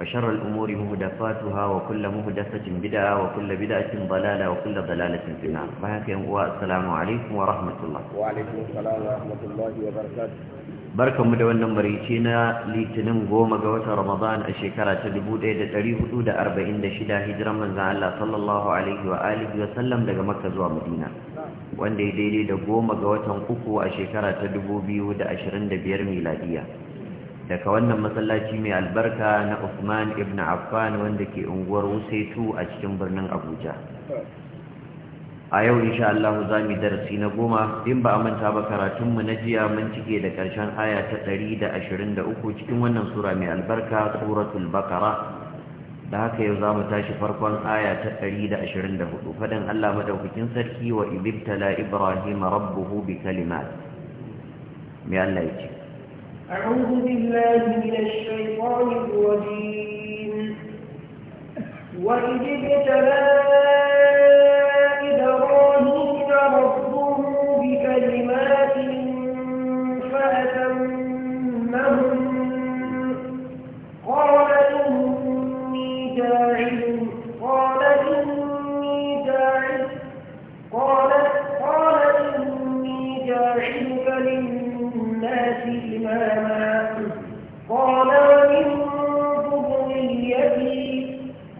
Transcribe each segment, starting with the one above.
وشر الأمور مهدفاتها وكل مهدفة بدعة وكل بدعة ضلالة وكل ضلالة في النار السلام عليكم ورحمة الله وعليكم السلام ورحمة الله وبركاته barkan mu da wannan marici na litinin goma ga watan ramadan a shekara ta 1446 hijiran manzan Allah sallallahu alaihi wa alihi wa sallam daga makka zuwa madina wanda ya daidai da goma ga watan uku a shekara ta biyar miladiya daga wannan masallaci mai albarka na Usman ibn Affan wanda ke unguwar Wusaitu a cikin birnin Abuja a yau insha Allah za mu darasi na goma din ba a manta ba karatun mu na jiya mun cike da karshen aya ta 123 cikin wannan sura mai albarka suratul baqara da haka yau za mu tashi farkon aya ta 124 faɗin Allah madaukakin sarki wa ibtala ibrahim rabbuhu bi kalimat me Allah ce. أعوذ بالله من الشيطان الرجيم وإذ ابتلى إبراهيم ربه بكلمات فأتمهن قال إني جاعل قال إني جاعل قال قال إني جاعلك للناس للناس إماما قال ومن ذريتي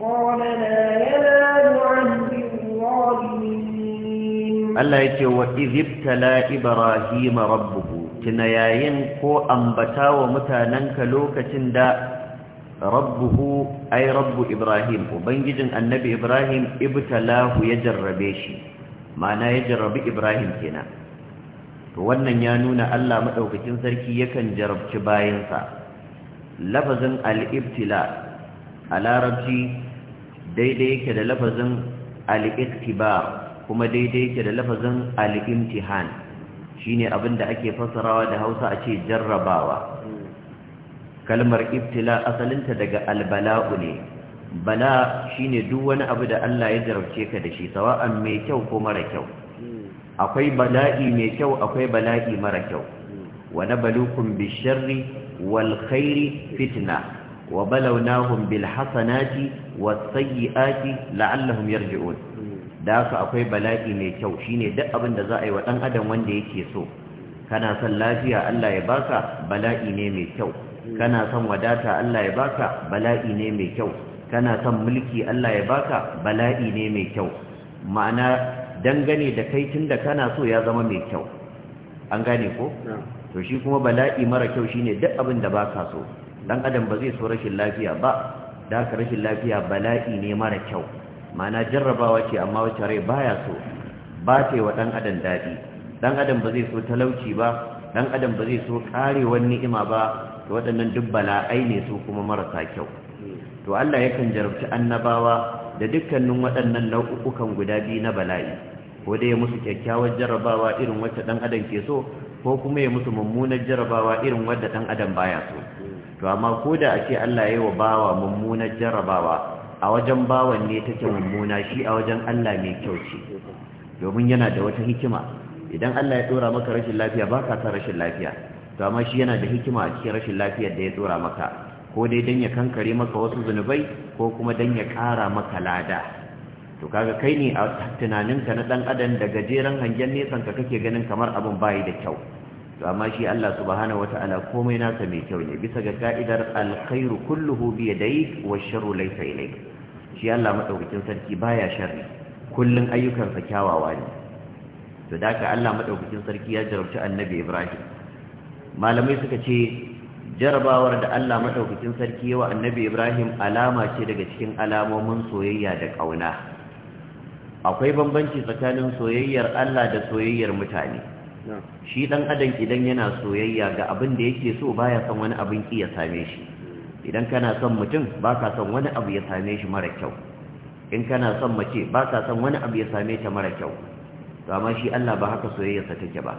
قال لا ينال عهد الظالمين الله يتي وإذ ابتلى إبراهيم ربه tuna yayin ko ambata wa mutanenka lokacin da rabbuhu ay rabbu ibrahim ubangijin annabi ibrahim ibtalahu ya jarrabe shi ma'ana ya jarrabi ibrahim kenan to wannan ya nuna Allah maɗaukacin sarki yakan jarabci bayansa lafazin al-ibtila a larabci daidai yake da lafazin al kuma daidai yake da lafazin al-imtihan ne abinda ake fassarawa da Hausa a ce jarrabawa kalmar ibtila asalinta daga al-bala'u ne bala shine duk wani abu da Allah ya jarabce ka da shi sawa'an mai kyau ko mara kyau akwai bala'i mai kyau akwai bala'i mara kyau wa nabluukum bish-sharri wal-khairi fitna wa balawnahum bil-hasanati was-sayyi'ati la'allahum yarji'un da haka akwai bala'i mai kyau shine duk abin da za a yi wa dan adam wanda yake so kana son lafiya Allah ya baka bala'i ne mai kyau kana son wadata Allah ya baka bala'i ne mai kyau kana son mulki Allah ya baka bala'i ne mai kyau ma'ana dangane da kai tun da kana so ya zama mai kyau an gane ko to shi kuma bala'i mara kyau shine duk abin da baka so dan adam ba zai so rashin lafiya ba da ka rashin lafiya bala'i ne mara kyau mana jarrabawa ce amma wacce rai baya so ba ce wa dan adam dadi dan adam ba zai so talauci ba dan adam ba zai so karewar ni'ima ba to waɗannan duk bala'ai ne su kuma marasa kyau to Allah yakan jarabci annabawa da dukkanin waɗannan nau'ukan guda biyu na bala'i ko dai ya musu kyakkyawar jarabawa irin wacce dan adam ke so ko kuma ya musu mummunar jarabawa irin wadda dan adam baya so to amma ko da a ce Allah ya yi wa bawa mummunar jarabawa a wajen bawan ne take mummuna shi a wajen Allah mai kyau ce domin yana da wata hikima idan Allah ya dora maka rashin lafiya baka san rashin lafiya to amma shi yana da hikima a cikin rashin lafiyar da ya dora maka ko dai dan ya kankare maka wasu zunubai ko kuma dan ya kara maka lada to kaga kai ne a tunaninka na dan adam da gajeren hangen nesan ka kake ganin kamar abin bayi da kyau to amma shi Allah subhanahu wataala komai nasa mai kyau ne bisa ga ka'idar alkhairu kulluhu bi yadayk washarru laysa ilayk shi Allah madaukakin sarki baya sharri kullun ayyukansa kyawawa ne to daka Allah madaukakin sarki ya jarabci annabi Ibrahim malamai suka ce jarabawar da Allah madaukakin sarki yawa annabi Ibrahim alama ce daga cikin alamomin soyayya da kauna akwai bambanci tsakanin soyayyar Allah da soyayyar mutane shi dan adam idan yana soyayya ga abin da yake so baya son wani abin ki ya same shi idan kana son mutum baka son wani abu ya same shi mara kyau in kana son mace baka son wani abu ya same ta mara kyau to amma shi Allah ba haka soyayyarsa take ba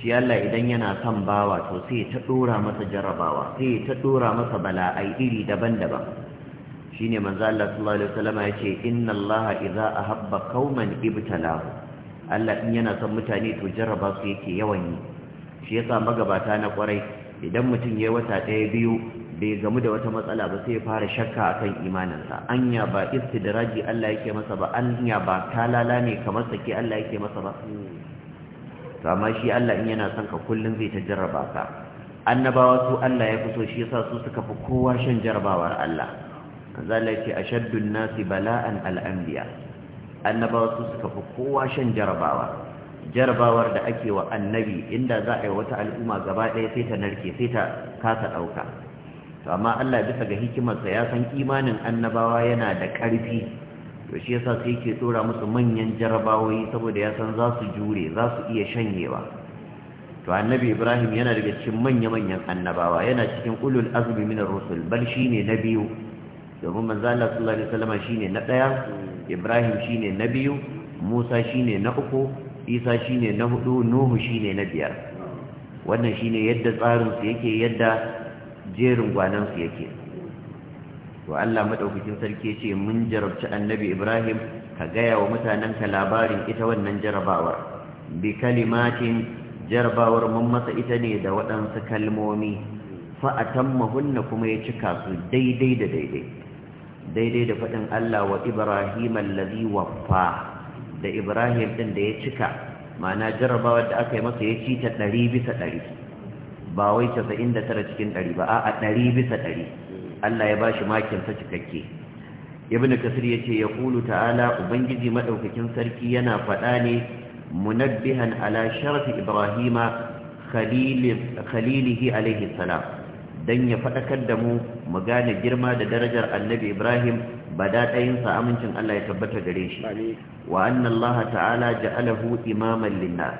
shi Allah idan yana son bawa to sai ta dora masa jarabawa sai ta dora masa bala'ai iri daban-daban shine manzo Allah sallallahu alaihi wasallam yace inna Allah idza ahabba qauman ibtalahu Allah in yana son mutane to jarraba su yake yawan yi shi yasa magabata na kwarai idan mutum yayi wata ɗaya biyu bai gamu da wata matsala ba sai ya fara shakka akan imaninsa anya ba istidraji Allah yake masa ba anya ba talala ne kamar sake Allah yake masa ba to amma shi Allah in yana son ka kullun zai ta jarraba ka annabawa su Allah ya fito shi yasa su suka fi kowa shan jarrabawar Allah manzala a shaddun nasi bala'an al'anbiya annabawa su suka fi kowa shan jarabawa jarabawar da ake wa annabi inda za a yi wata al'umma gaba ɗaya sai ta narke sai ta kasa ɗauka to amma Allah bisa ga hikimarsa ya san imanin annabawa yana da ƙarfi to shi yasa sai yake tsora musu manyan jarabawoyi saboda ya san za su jure za su iya shanyewa to annabi Ibrahim yana daga cikin manya-manyan annabawa yana cikin ulul azumi minar rusul bal ne na biyu domin manzo Allah sallallahu alaihi wasallam shine na daya Ibrahim shine na biyu Musa shine na uku Isa shine na hudu Nuhu shine na biyar wannan shine yadda tsarin su yake yadda jerin gwanan su yake to Allah madaukakin sarki yace mun jarabci annabi Ibrahim ka gaya wa mutanen ka labarin ita wannan jarabawar bi kalimatin jarabawar mun masa ita ne da waɗansu kalmomi fa atammahunna kuma ya cika su daidai da daidai daidai da faɗin Allah wa Ibrahim allazi waffa da Ibrahim din da ya cika ma'ana jarrabawa da aka yi masa ya ci ta 100 bisa 100 ba wai 99 cikin 100 ba a'a 100 bisa 100 Allah ya bashi makin sa cikakke Ibn Kasir yace ya kulu ta'ala ubangiji madaukakin sarki yana faɗa ne munabbihan ala sharafi Ibrahima khalilihi alayhi salam dan ya faɗakar da mu mu gane girma da darajar annabi ibrahim ba daɗayinsa amincin allah ya tabbata gare shi wa annallaha ta'ala ja'alahu imaman linnas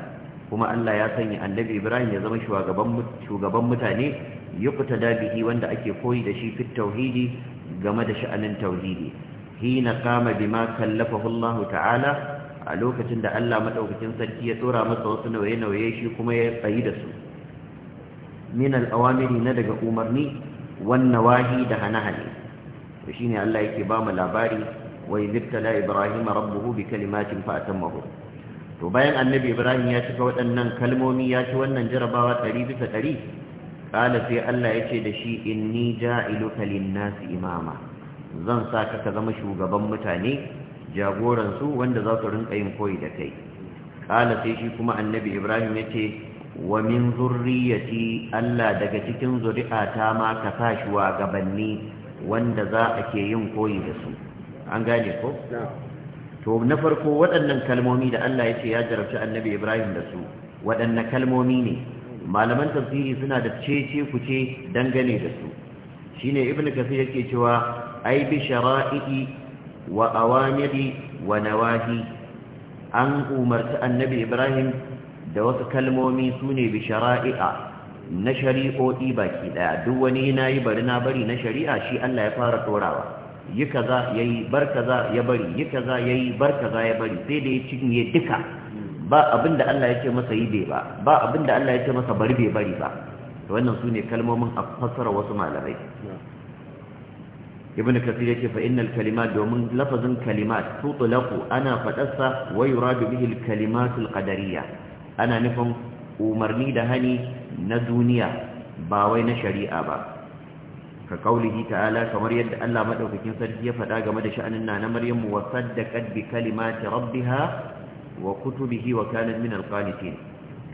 kuma allah ya sanya annabi ibrahim ya zama shugaban mutane yuqta bihi wanda ake koyi da shi fit tauhidi game da sha'anin tauhidi hina kama bima kallafahu allah ta'ala a lokacin da allah madaukakin sarki ya tsora masa wasu nauye-nauye shi kuma ya tsayi da su min al'awamiri na daga umarni wannan wahi da hane-hane to shine Allah yake ba mu labari Wai izibtala ibrahima rabbuhu bi kalimatin fa atammahu to bayan annabi ibrahim ya cika waɗannan kalmomi ya ci wannan jarabawa ɗari bisa ɗari kala sai Allah ya ce da shi inni ja'iluka lin-nasi imama zan sa ka ka zama shugaban mutane jagoran su wanda za su rinka yin koyi da kai kala sai shi kuma annabi ibrahim ya ce wa min zurriyati Allah daga cikin zuri'ata ma ka sa shi wa gabanni wanda za a ke yin koyi da su an gane ko to na farko waɗannan kalmomi da Allah ya ce ya jarabci annabi Ibrahim da su waɗanne kalmomi ne malaman tafsiri suna da cece kuce dangane da su shine ibnu kasir yake cewa ai bi shara'i wa awamiri wa nawahi an umarta annabi Ibrahim da wasu kalmomi su ne bishara'i'a na shari'o'i baki daya duk wani na yi bari na bari na shari'a shi Allah ya fara torawa yi kaza ya yi bar kaza ya bari yi kaza ya yi bar kaza ya bari sai da ya cinye duka ba abin da Allah ya ce masa yi bai ba ba abin da Allah ya ce masa bari bai bari ba wannan su ne kalmomin a fassara wasu malamai ibn kasir yake fa innal kalimat domin lafazin kalimat tutlaqu ana fadarsa wa yuradu bihi al kalimat al qadariyah ana nufin umarni da hani na duniya ba wai na shari'a ba ka kaulihi ta'ala kamar yadda Allah madaukakin sarki ya faɗa game da sha'anin na Maryamu wa saddaqat bi kalimati rabbiha wa kutubihi wa kanat min alqanitin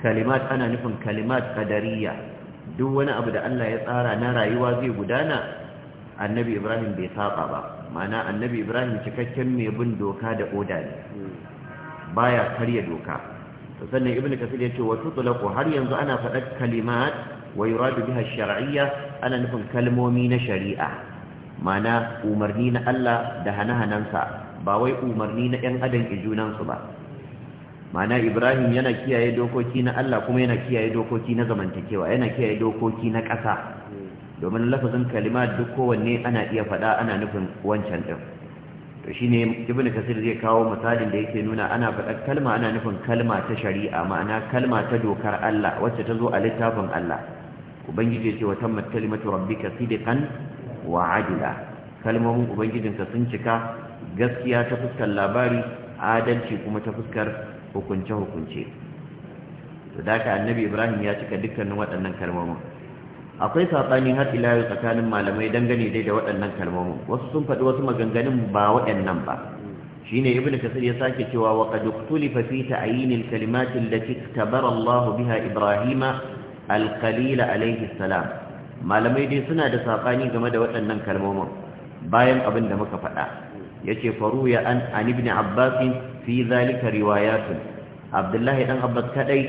kalimat ana nufin kalimat qadariyya duk wani abu da Allah ya tsara na rayuwa zai gudana annabi Ibrahim bai saba ba ma'ana annabi Ibrahim cikakken mai bin doka da oda ne baya karya doka sannan ibn kasir yace wa tutlaqu har yanzu ana faɗar kalimat wa yuradu biha shar'iyya ana nufin kalmomi na shari'a mana umarni na Allah da hana-hanansa ba wai umarni na ɗan adam junansu ba mana Ibrahim yana kiyaye dokoki na Allah kuma yana kiyaye dokoki na zamantakewa yana kiyaye dokoki na ƙasa domin lafazin kalima duk kowanne ana iya faɗa ana nufin wancan ɗin to shine ibn kasir zai kawo misalin da yake nuna ana faɗar kalma ana nufin kalma ta shari'a ma'ana kalma ta dokar Allah wacce ta zo a littafin Allah ubangiji ya ce wa tammat kalimatu rabbika sidqan wa adila kalmomin ubangijinka sun cika gaskiya ta fuskar labari adalci kuma ta fuskar hukunce-hukunce da daga annabi ibrahim ya cika dukkanin waɗannan kalmomin akwai saɓani har ila tsakanin malamai dangane dai da waɗannan kalmomin wasu sun faɗi wasu maganganun ba waɗannan ba shine ibnu kasir ya sake cewa wa qad uktulifa fi ta'yin al allati tabara Allah biha Ibrahima al-Khalil alayhi salam malamai dai suna da saɓani game da waɗannan kalmomin bayan abin da muka faɗa yace faruya an an ibn Abbas fi zalika riwayatun Abdullahi dan Abbas kadai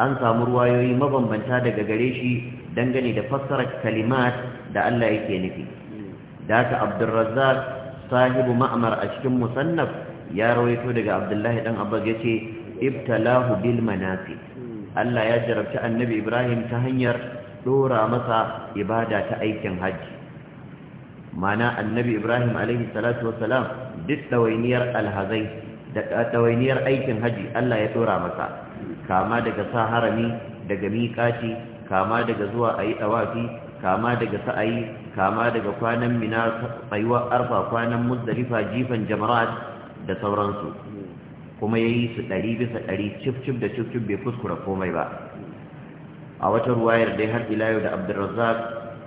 an samu ruwayoyi mabambanta daga gare shi dangane da fassarar kalimat da Allah yake nufi da ta sahibu ma'mar a cikin musannaf ya rawaito daga abdullahi dan abbas ce, ibtalahu bil manasi Allah ya jarabta annabi ibrahim ta hanyar dora masa ibada ta aikin hajji mana annabi ibrahim alaihi salatu wassalam duk dawainiyar alhazai da dawainiyar aikin hajji Allah ya dora masa kama daga sa harami daga miƙaci kama daga zuwa ayi ɗawafi kama daga sa'ayi kama daga kwanan mina tsayuwar arfa kwanan muzdalifa jifan jamarat da sauransu kuma yayi su ɗari bisa ɗari cif cif da cif cif bai kuskura komai ba a wata ruwayar dai har ila yau da abdurrazzaq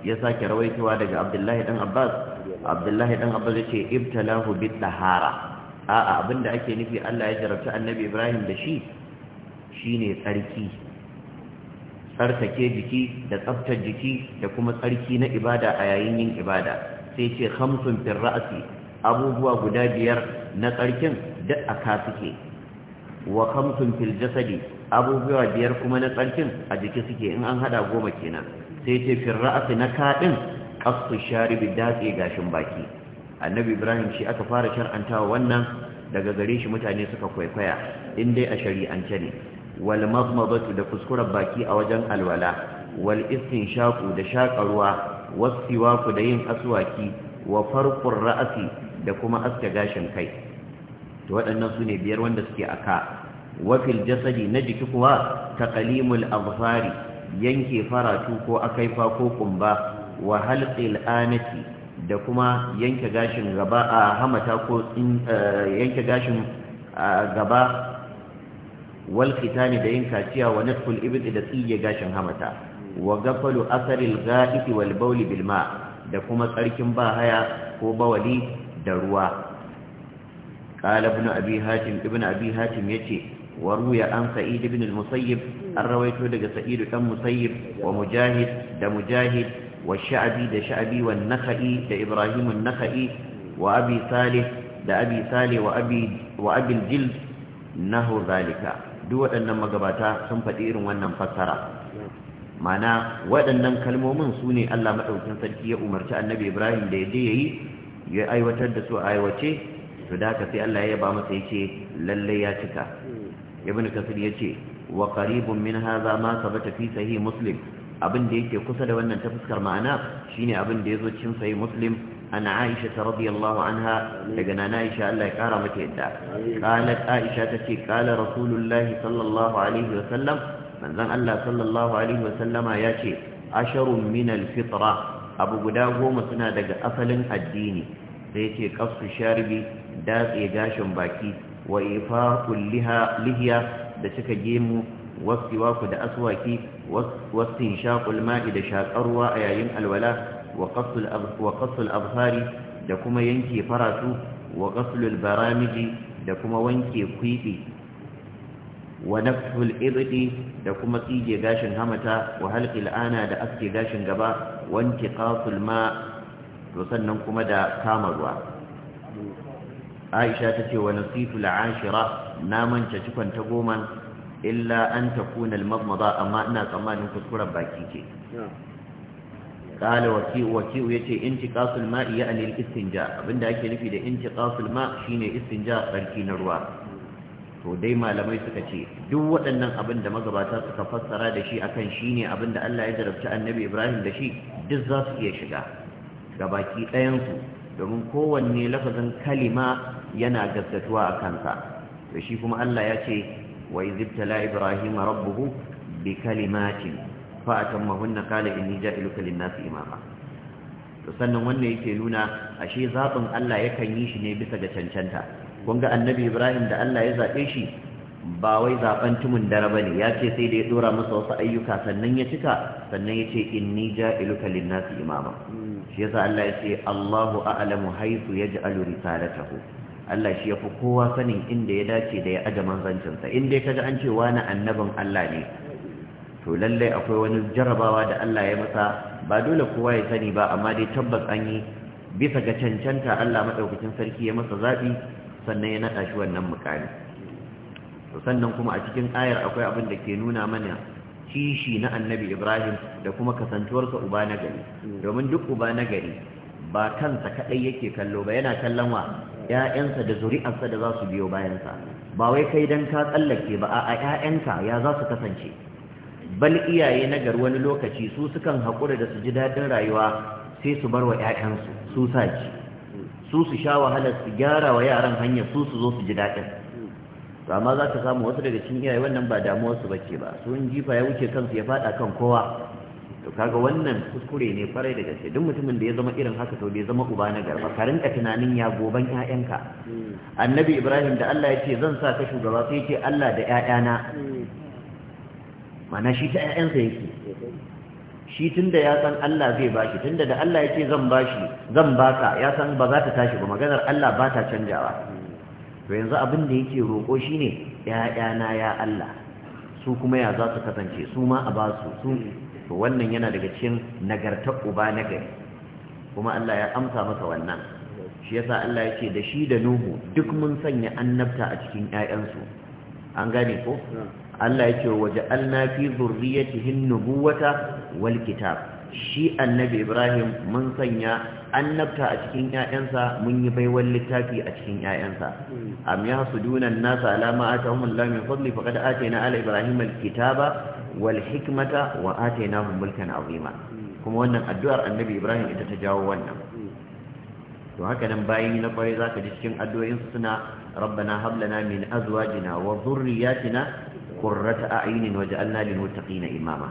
ya sake rawaitowa daga abdullahi ɗan abbas abdullahi ɗan abbas yace ibtalahu bit tahara a'a abinda ake nufi Allah ya jarabta annabi ibrahim da shi shine tsarki tsartake jiki da tsaftar jiki da kuma tsarki na ibada a yayin yin ibada sai ce khamsun fil ra'si abubuwa guda biyar na tsarkin duk a ka suke wa khamsun fil jasadi abubuwa biyar kuma na tsarkin a jiki suke in an hada goma kenan sai ce fil ra'si na kaɗin qasu sharibi datse gashin baki annabi ibrahim shi aka fara shar'antawa wannan daga gare shi mutane suka kwaikwaya in dai a shari'ance ne wal da kuskuren baki a wajen alwala wal shaku da shakarwa, ruwa was da yin aswaki wa farkon ra'si da kuma aske gashin kai ta waɗannan su ne biyar wanda suke aka wa fil jasadi na jiki kuwa taqlimul abfari yanke faratu ko akaifa ko kumba wa halqil anati da kuma yanke gashin gaba a hamata ko eh, yanke gashin eh, gaba wal khitani da yin kaciya wa nafkul ibd da tsiye gashin hamata wa gafalu asaril ghaiti wal bawl bil ma da kuma tsarkin bahaya ko bawali da ruwa qala ibn hatim ibn abi hatim yace وروي عن سعيد بن an rawaito daga سعيد بن مسيب ومجاهد mujahid مجاهد والشعبي wa شعبي والنخعي ده إبراهيم النخعي وأبي صالح ده أبي صالح وأبي, وأبي الجلد نهو ذلك duk waɗannan magabata sun faɗi irin wannan fassara mana waɗannan kalmomin su ne Allah maɗaukin sarki ya umarci annabi Ibrahim da ya je yayi ya aiwatar da su a aiwace su da haka sai Allah ya ba masa yake lallai ya cika ibn kasir ya wa qaribun min hadha ma sabata fi sahih muslim abin da yake kusa da wannan ta fuskar ma'ana shine abin da ya zo cin sahih muslim عن عائشة رضي الله عنها لقنا عائشة الله يكارم تيدا قالت عائشة تشي قال رسول الله صلى الله عليه وسلم من ذن الله صلى الله عليه وسلم ياتي عشر من الفطرة أبو قداغو مسنا دق أفل الدين سيتي قص الشارب داس إيقاش باكي وإيفاق لها لهيا دشك جيمو والسواك دا أسواكي واستنشاق الماء دا شاك أروى أيام الولاء wa qasul abhari da kuma yanke faratu wa qasul baramiji da kuma wanke kwibi wa nafsul ibdi da kuma tsige gashin hamata wa halqil ana da aske gashin gaba wanke intiqasul ma to sannan kuma da kama ruwa Aisha ce wa nasifu al-ashira na manta cikon ta goma illa an takuna al-madmada amma ina tsammanin kuskuren baki ce قال وكيء وكيء يتي انتقاص الماء يعني الاستنجاء abinda ake nufi da intiqasul ma shine istinja barki na ruwa to dai malamai suka ce duk waɗannan abin da magabata suka fassara da shi akan shine abin da Allah ya jarabta Annabi Ibrahim da shi duk za su iya shiga gabaki ɗayan su domin kowanne lafazin kalima yana gaskatuwa a kansa to shi kuma Allah ya ce wa izibtala Ibrahim rabbuhu bi kalimatin fa atammahunna qala inni ja'iluka lin-nasi imama to sannan wannan yake nuna ashe zaɓin Allah yakan yi shi ne bisa ga cancanta kun ga annabi Ibrahim da Allah ya zaɓe shi ba wai zaɓen tumun dare ba ne ya ce sai da ya ɗora masa wasu ayyuka sannan ya cika sannan ya ce inni ja'iluka lin-nasi imama shi yasa Allah ya ce Allahu a'lamu haythu yaj'alu risalatahu Allah shi yafi kowa sanin inda ya dace da ya aje manzancinsa in dai kaga an ce wani annabin Allah ne to lallai akwai wani jarabawa da Allah ya masa ba dole kowa ya sani ba amma dai tabbas an yi bisa ga cancanta Allah madaukakin sarki ya masa zabi sannan ya nada shi wannan mukami to sannan kuma a cikin ayar akwai abin da ke nuna mana kishi na annabi Ibrahim da kuma kasantuwarsa uba na gari domin duk uba na gari ba kansa kaɗai yake kallo ba yana kallon wa 'ya'yansa da zuri'arsa da za su biyo bayansa ba wai kai dan ka tsallake ba a'a 'ya'yanka ya za su kasance bal iyaye na gar wani lokaci su sukan haƙura da su ji daɗin rayuwa sai su bar wa 'ya'yansu su saji su su sha wahalar su gyara wa yaran hanyar su su zo su ji daɗin to amma za ka samu wasu daga cikin iyaye wannan ba damuwarsu ba ce ba sun jifa ya wuce kansu ya faɗa kan kowa to kaga wannan kuskure ne kwarai da gaske duk mutumin da ya zama irin haka to bai zama uba na garba ka tunanin ya goban ƴaƴanka hmm. annabi ibrahim da Allah ya ce zan sa ka shugaba sai ya ce Allah da ƴaƴana hmm. mana shi ta yayansa yake shi tunda ya san Allah zai bashi tunda da Allah yake zan bashi zan baka ya san ba za ta tashi ba maganar Allah ba ta canjawa to yanzu abin da yake roƙo shine 'ya'yana ya Allah su kuma ya za su kasance su ma a ba su su to wannan yana daga cikin nagartar uba na gari kuma Allah ya amsa masa wannan shi yasa Allah yake da shi da Nuhu duk mun sanya annabta a cikin 'ya'yansu. an gane ko Allah yake waje alna fi zurriyatihin nubuwata wal kitab shi annabi Ibrahim mun sanya annabta a cikin ƴaƴansa mun yi baiwar littafi a cikin ƴaƴansa am yahsuduna an-nasa ala ma atahum Allah min fadli faqad atayna ala Ibrahim al-kitaba wal hikmata wa atainahum mulkan azima kuma wannan addu'ar annabi Ibrahim ita ta jawo wannan to haka nan bayan na kware zaka ji cikin addu'o'insu suna rabbana hab lana min azwajina wa qurrata waje waj'alna lil na imama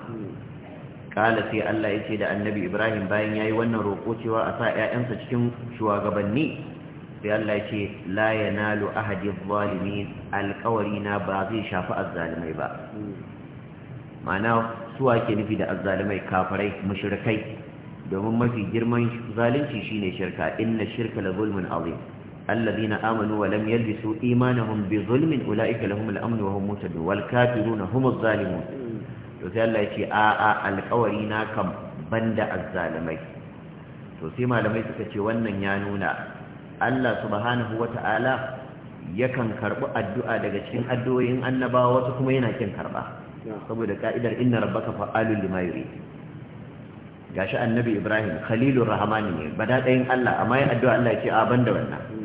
Ƙala sai Allah ce da annabi Ibrahim bayan yayi wannan roko cewa a sa 'ya'yansa cikin shugabanni sai Allah yace la yanalu ahadi adh alkawari na ba zai shafi azzalimai ba mana suwa ke nufi da azzalimai kafarai, mushrikai domin mafi girman zalunci shine shirka inna shirka la aure. azim الذين آمنوا ولم يلبسوا إيمانهم بظلم أولئك لهم الأمن وهم مهتدون والكافرون هم الظالمون وذلك الله يتي آآ القورينا كم بند الظالمين ce wannan ya nuna, يانونا الله سبحانه وتعالى yakan karbi addu'a daga cikin addu'o'in annabawa wasu kuma yana kin karba saboda ka'idar inna rabbaka fa'alul lima yurid gashi annabi ibrahim khalilur rahman ne bada dayin Allah amma ya addu'a Allah ya ce a banda wannan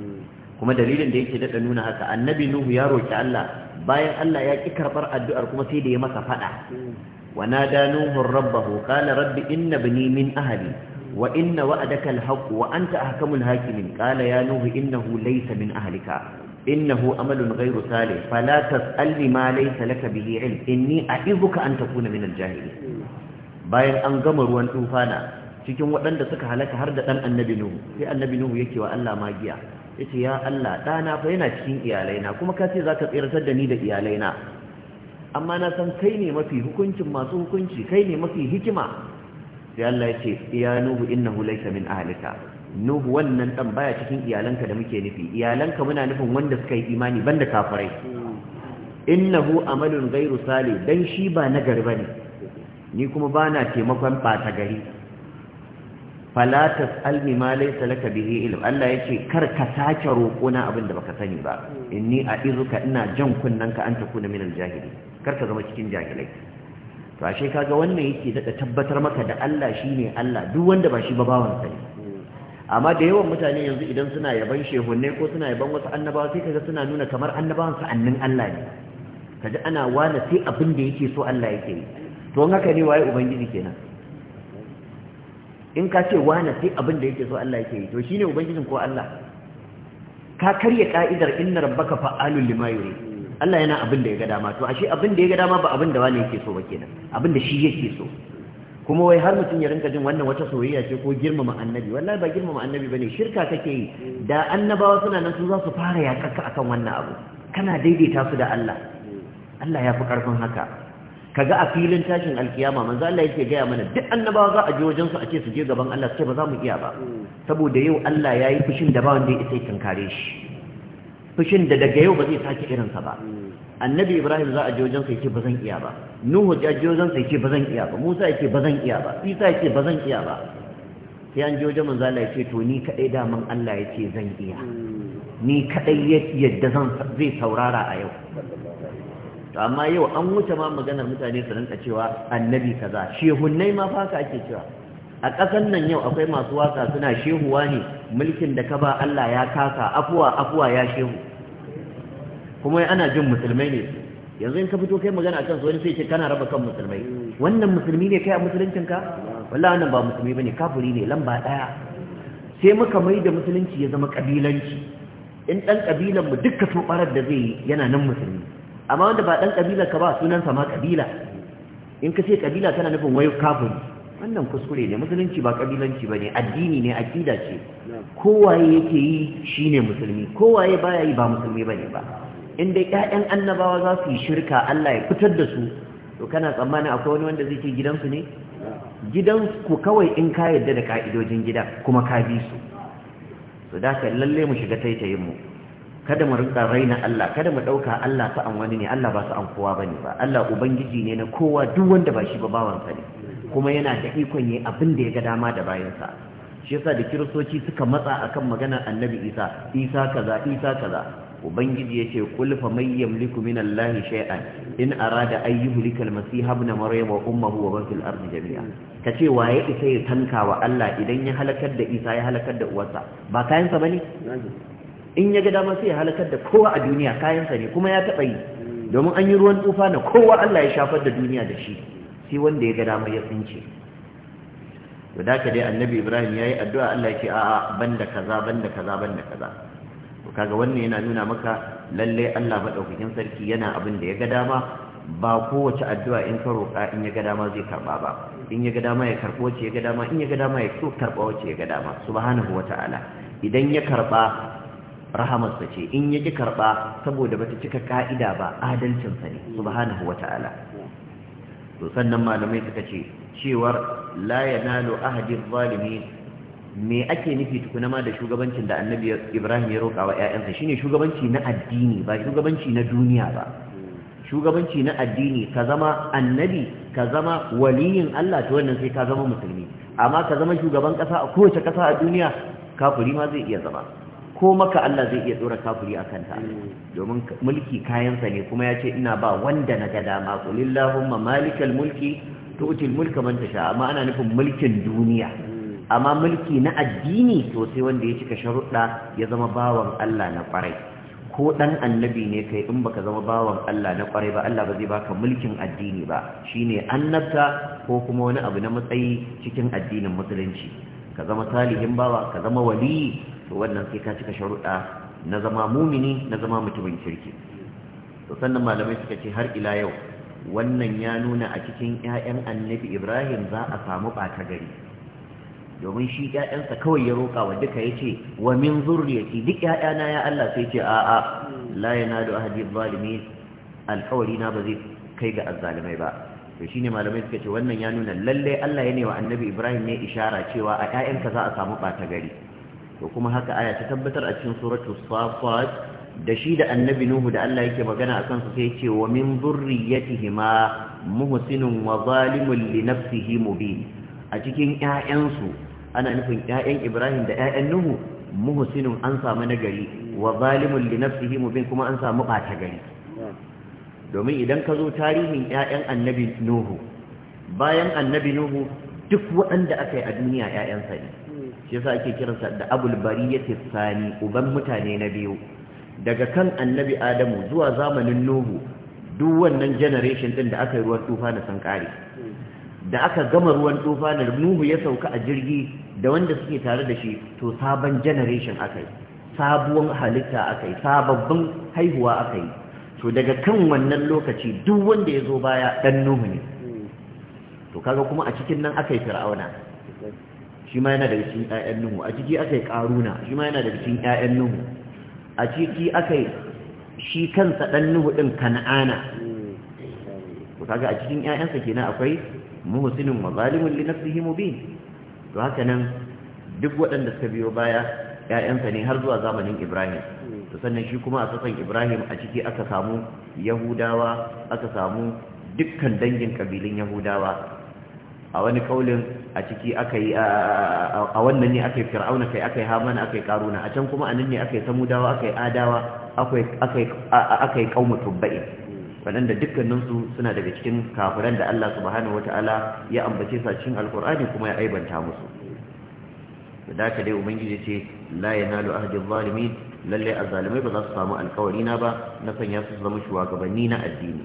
kuma dalilin da yake daɗa nuna haka annabi nuhu ya roki Allah bayan Allah ya ki karɓar addu’ar kuma sai da ya maka faɗa wa na da nuhun rabbahu kala rabbi inna bani min ahali wa inna wa adakal haƙu wa an ta hakamun hakimin kala ya nuhu inna hu laisa min ahalika inna hu amalun gairu sale fala tas'alli ma laisa laka bihi il inni a izuka an takuna min aljahili bayan an gama ruwan tufana cikin waɗanda suka halaka har da ɗan annabi nuhu sai annabi nuhu yake wa Allah ma giya. yace ya Allah ɗana fa yana cikin iyalaina kuma ka ce za ka da ni da iyalaina amma na san kai ne mafi hukuncin masu hukunci kai ne mafi hikima sai Allah yace ya nuhu innahu laysa min ahlika nuhu wannan dan baya cikin iyalanka da muke nufi iyalanka muna nufin wanda suka yi imani banda kafirai innahu amalun ghairu salih dan shi ba nagari bane ni kuma bana taimakon ɓata gari fala tas'alni ma laysa laka bihi ilm Allah ce kar ka sake roƙo na abin da baka sani ba inni izuka ina jan kunnanka an kuna minal jahili kar ka zama cikin jahilai to ashe kaga wannan yake da tabbatar maka da Allah shine Allah duk wanda ba shi ba bawan sa ne amma da yawan mutane yanzu idan suna yaban shehunne ko suna yaban wasu annabawa sai kaga suna nuna kamar annabawan su annin Allah ne kaji ana wala sai abin da yake so Allah yake yi to haka ne waye ubangiji kenan in ka ce wane sai abin da yake so Allah yake yi to shi ne ubangijin ko Allah ka karya ka'idar inna rabbaka fa'alul lima yuri Allah yana abin da ya ga dama to ashe abin da ya ga dama ba abin da wani yake so ba kenan abin da shi yake so kuma wai har mutum ya rinka jin wannan wata soyayya ce ko girmama annabi wallahi ba girmama annabi bane shirka kake yi da annabawa suna nan su za su fara yakaka akan wannan abu kana daidaita su da Allah Allah ya fi karfin haka kaga a filin tashin alkiyama manzo Allah yake gaya mana duk annabawa za a je wajen su a ce su je gaban Allah sai ba za mu iya ba saboda yau Allah yayi fushin da ba wanda ya isa kankare shi fushin da daga yau ba zai sake irin sa ba annabi Ibrahim za a je wajen sa yake ba zan iya ba Nuhu ya je wajen sa yake ba zan iya ba Musa yake ba zan iya ba Isa yake ba zan iya ba sai an je wajen manzo Allah yake to ni kadai da man Allah yake zan iya ni kadai yadda zan zai saurara a yau to amma yau an wuce ma maganar mutane su rinka cewa annabi kaza shehunnai ma fa ka ake cewa a ƙasan nan yau akwai masu waka suna shehuwa ne mulkin da ka ba Allah ya kaka afuwa afuwa ya shehu kuma ana jin musulmai ne yanzu in ka fito kai magana akan su wani sai ce kana raba kan musulmai wannan musulmi ne kai a musuluncin ka wallahi wannan ba musulmi bane kafiri ne lamba daya sai muka mai da musulunci ya zama kabilanci in dan kabilan mu dukkan barar da zai yi yana nan musulmi amma wanda ba dan kabila ka ba sunansa ma kabila in ka ce kabila tana nufin wayo kafin wannan kuskure ne musulunci ba kabilanci bane addini ne akida ce kowaye yake yi shine musulmi kowaye baya yi ba musulmi bane ba in dai ƴaƴan annabawa za su yi shirka Allah ya fitar da su to kana tsammanin akwai wani wanda zai ce gidansu ne gidan ku kawai in ka yarda da ka'idojin gida kuma ka bi su to da ka lalle mu shiga taitayin mu kada mu rinka raina Allah kada mu dauka Allah sa'an an wani ne Allah ba su an kowa bane ba Allah ubangiji ne na kowa duk wanda ba shi ba bawan sa ne kuma yana da ikon yi abin da ya ga dama da bayan sa shi yasa da kiristoci suka matsa akan maganar Annabi Isa Isa kaza Isa kaza ubangiji yace qul fa may yamliku min Allah shay'an in arada ay yuhlika al-masih ibn maryam wa ummuhu wa basil ardi jami'a kace waye isa ya tanka wa Allah idan ya halakar da Isa ya halakar da uwarsa ba kayan sa bane in ya ga dama sai ya halakar da kowa a duniya kayansa ne kuma ya taɓa yi domin an yi ruwan tsufa na kowa Allah ya shafar da duniya da shi sai wanda ya ga dama ya tsince to da ka dai annabi ibrahim ya yi addu'a Allah ya ce a'a banda kaza banda kaza banda kaza to kaga wannan yana nuna maka lalle Allah maɗaukakin sarki yana abin da ya ga dama ba kowace addu'a in ka roƙa in ya ga dama zai karba ba in ya ga dama ya karɓo ce ya ga dama in ya ga dama ya so karɓa wace ya ga dama subhanahu wata'ala idan ya karɓa rahamarsa ce in ya ƙi karɓa saboda bata cika ka'ida ba adalcinsa ne subhanahu wa ta'ala to sannan malamai suka ce cewar la yanalu ahadin zalimi me ake nufi tukuna ma da shugabancin da annabi ibrahim ya roƙa wa ‘ya'yansa shine shugabanci na addini ba shugabanci na duniya ba shugabanci na addini ka zama annabi ka zama waliyin allah ta wannan sai ka zama musulmi amma ka zama shugaban ƙasa a kowace ƙasa a duniya kafuri ma zai iya zama ko maka Allah zai iya dora kafuri a kanta domin mulki kayansa ne kuma ya ce ina ba wanda na ga dama kulillahumma malikal mulki tu'til mulka man tasha amma ana nufin mulkin duniya amma mulki na addini to sai wanda ya cika sharuɗa ya zama bawan Allah na kwarai ko dan annabi ne kai in baka zama bawan Allah na kwarai ba Allah ba zai baka mulkin addini ba shine annabta ko kuma wani abu na matsayi cikin addinin musulunci ka zama salihin bawa ka zama wali to wannan sai ka cika sharuɗa na zama mumini na zama mutumin kirki to sannan malamai suka ce har ila yau wannan ya nuna a cikin 'ya'yan annabi ibrahim za a samu ɓata gari domin shi 'ya'yansa kawai ya roƙa wa duka ya ce wa min zurriyati duk 'ya'yana ya Allah sai ce a'a la yanadu ahadi zalimin alƙawari na ba zai kai ga azzalimai ba to shine malamai suka ce wannan ya nuna lalle Allah ya ne wa annabi ibrahim ne ishara cewa a 'ya'yansa za a samu ɓata gari to kuma haka aya ta tabbatar a cikin suratu safat da shi da annabi nuhu da Allah yake magana a kansu sai ce wa min dhurriyyatihima muhsinun wa zalimun li nafsihi mubin a cikin ƴaƴansu ana nufin ƴaƴan Ibrahim da ƴaƴan Nuhu muhsinun an samu nagari wa zalimun li nafsihi mubin kuma an samu bata gari domin idan ka zo tarihin ƴaƴan annabi Nuhu bayan annabi Nuhu duk waɗanda aka yi a duniya ƴaƴansa ne shi yasa ake kiransa da abul bariyati sani uban mutane na biyu daga kan annabi adamu zuwa zamanin nuhu duk wannan generation din da aka yi ruwan tufa na san kare da aka gama ruwan tufa da nuhu ya sauka a jirgi da wanda suke tare da shi to sabon generation aka yi sabuwan halitta aka yi sababbin haihuwa aka yi to daga kan wannan lokaci duk wanda ya zo baya dan nuhu ne to kaga kuma a cikin nan aka yi fir'auna shi ma yana daga cikin ƴaƴan nuhu a ciki akai karuna shi ma yana daga cikin ƴaƴan nuhu a ciki akai shi kansa dan nuhu din kan'ana to kaga a cikin ƴaƴansa kenan akwai muhsinin wa zalimun li nafsihi mubin to haka nan duk waɗanda suka biyo baya ‘ya'yansa ne har zuwa zamanin Ibrahim, to sannan shi kuma a sassan Ibrahim a ciki aka samu Yahudawa, aka samu dukkan dangin kabilin Yahudawa, a wani kaulin a ciki aka yi a wannan ne aka yi fir'auna kai aka yi hamana aka yi karuna a can kuma a nan ne aka yi samudawa aka yi adawa aka yi kauma tubba'in waɗanda dukkaninsu suna daga cikin kafiran da Allah subhanahu Ta'ala ya ambace su a cikin alkur'ani kuma ya aibanta musu da ka dai ubangiji ce la yanalu ahdi lallai a azzalimai ba za su samu alkawari na ba na sanya su zama shugabanni na addini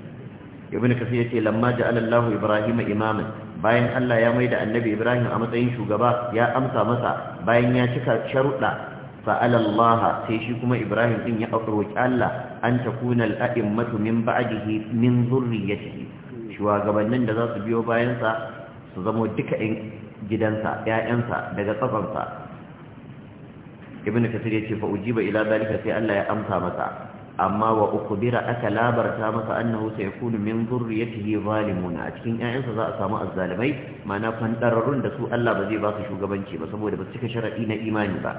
ibn ya ce lamma ja'ala ibrahim ibrahima imaman bayan Allah ya maida annabi Ibrahim a matsayin shugaba ya amsa masa bayan ya cika sharuɗa fa'ala sai shi kuma Ibrahim ɗin ya roki Allah an takuna al-a'immatu min ba'dihi min zurriyyatihi shugabannin da za su biyo bayansa, su zama duka yan gidansa 'ya'yansa, daga tsafansa ibnu kasir yace fa ujiba ila zalika sai Allah ya amsa masa amma wa ukubira aka labarta masa annahu ya min zurriyatihi zalimun a cikin ƴaƴansa za a samu azzalimai mana fandararrun da su Allah ba zai ba su shugabanci ba saboda ba su cika sharadi na imani ba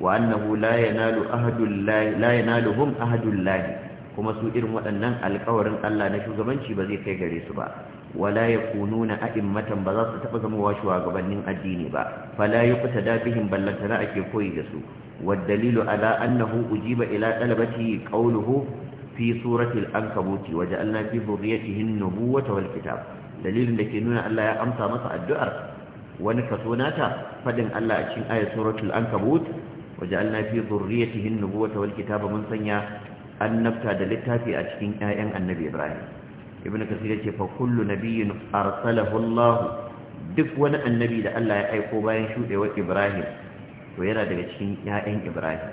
wa annahu la yanalu ahadul la yanaluhum ahadul lahi kuma su irin waɗannan alƙawarin Allah na shugabanci ba zai kai gare su ba wala yakununa a'immatan ba za su taɓa zama wa shugabannin addini ba fala yuqtada bihim ballantana ake koyi da su والدليل على أنه أجيب إلى طلبته قوله في سورة الأنكبوت وجعلنا في ذريته النبوة والكتاب دليل لكي نونا ألا يأمسى مصع الدؤر ونكسوناتا فدن ألا أشين آية سورة الأنكبوت وجعلنا في ذريته النبوة والكتاب من سنة النبتة دلتها في أشين آية النبي إبراهيم ابن كثير فكل نبي أرسله الله دفونا النبي لألا يأيقوا باين شوء وإبراهيم to yana daga cikin 'ya'yan Ibrahim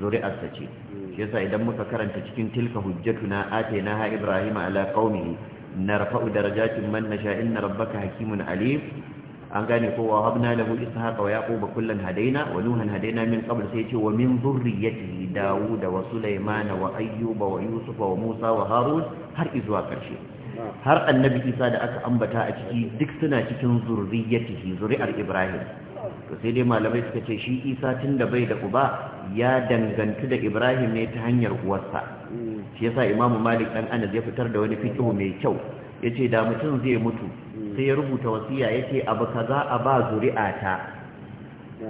zuri'arsa ce shi yasa idan muka karanta cikin tilka hujjatuna atayna ha Ibrahim ala qaumihi narfa'u darajatin man nasha inna rabbaka hakimun alim an gane ko wa habna lahu ishaqa wa yaquba kullan hadaina wa nuhan hadaina min qabl sai ce wa min dhurriyyatihi daud wa sulaiman wa ayyuba wa yusufa wa musa wa harun har izuwa karshe har annabi isa da aka ambata a ciki duk suna cikin zurriyyatihi zuri'ar ibrahim to sai dai malamai suka ce shi isa tun da bai da uba ya dangantu da ibrahim ne ta hanyar uwarsa shi yasa imamu malik dan anas ya fitar da wani fikihu mai kyau yace da mutum zai mutu sai ya rubuta wasiya yace abu kaza a ba zuri'ata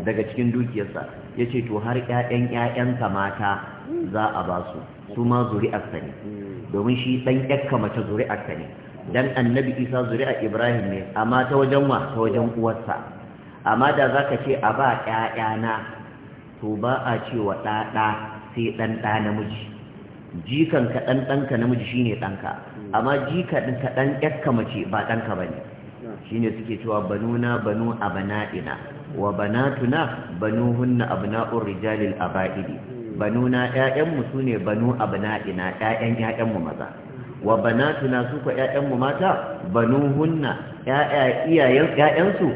daga cikin dukiyarsa yace to har 'ya'yan ƴaƴansa mata za a ba su su ma zuri'arsa ne domin shi dan yakka mace zuri'arsa ne dan annabi isa zuri'a ibrahim ne amma ta wajen wa ta wajen uwarsa amma da za ka ce a ba na to ba a ce wa ɗaɗa sai ɗan ɗa namiji jikan ka ɗan ɗanka namiji shi ne ɗanka amma jikan ka ɗan ƴakka mace ba ɗanka ba ne shi suke cewa banuna banu a bana'ina wa banatuna banu hunna abna'ur rijalil aba'idi banuna ƴaƴanmu su ne banu a ina ƴaƴan ƴaƴanmu maza wa banatuna su ko ƴaƴanmu mata banu hunna su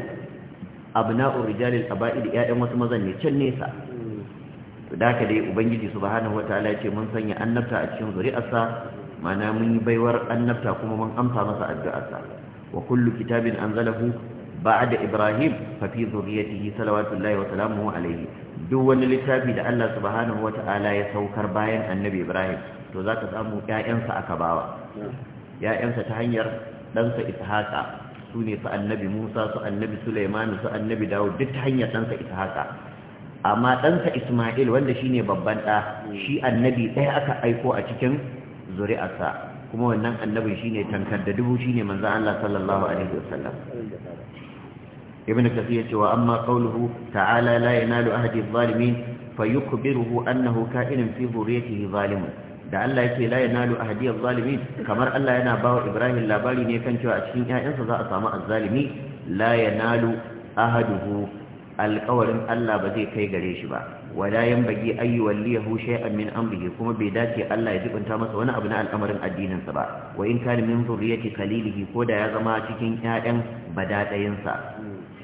abna'ur rijalil aba'id 'ya'yan wasu mazan ne can nesa to da haka dai ubangiji subhanahu wataala ya ce mun sanya annabta a cikin zuri'arsa mana mun yi baiwar annabta kuma mun amsa masa addu'arsa wa kullu kitabin anzalahu ba'da ibrahim fa fi zurriyyatihi salawatullahi wa salamuhu alayhi duk wani littafi da Allah subhanahu wataala ya saukar bayan annabi ibrahim to zaka samu ƴaƴansa aka bawa ƴaƴansa ta hanyar ɗansa ishaqa su ne su annabi musa su annabi suleiman su annabi dawud duk ta hanyar ɗansa ita haka amma ɗansa isma'il wanda shine babban ɗa shi annabi ɗaya aka aiko a cikin zuri'arsa kuma wannan annabin ne tankar da dubu ne manzan Allah sallallahu alaihi wasallam ibn kathir yace wa amma qawluhu ta'ala la yanalu ahadi adh-dhalimin fayukbiruhu annahu ka'inun fi dhurriyyatihi zalimun da Allah yake la yanalu ahadi az-zalimin kamar Allah yana bawa Ibrahim labari ne kan cewa a cikin ƴaƴansa za a samu az-zalimi la yanalu ahaduhu alƙawarin Allah ba zai kai gare shi ba wala yanbaghi ay yuwallihu shay'an min amrihi kuma bai dace Allah ya jibinta masa wani abu na al'amarin addinin sa ba wa in kana min zurriyyati khalilihi ko da ya zama cikin ƴaƴan badadayinsa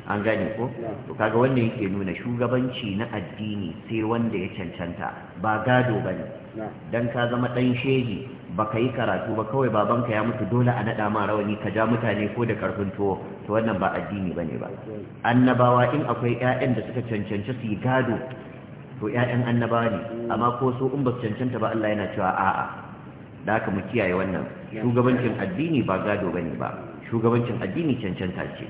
an gane ko to kaga wannan yake nuna shugabanci na addini sai wanda ya cancanta ba gado bane dan ka zama dan shehi ka yi karatu ba kawai babanka ya mutu dole a naɗa ma rawani ka ja mutane ko da karfin tuwo to wannan ba addini bane ba annabawa in akwai ƴaƴan da suka cancanci su yi gado to ƴaƴan annabawa ne amma ko su in ba su cancanta ba Allah yana cewa a'a da haka mu kiyaye wannan shugabancin addini ba gado bane ba shugabancin addini cancanta ce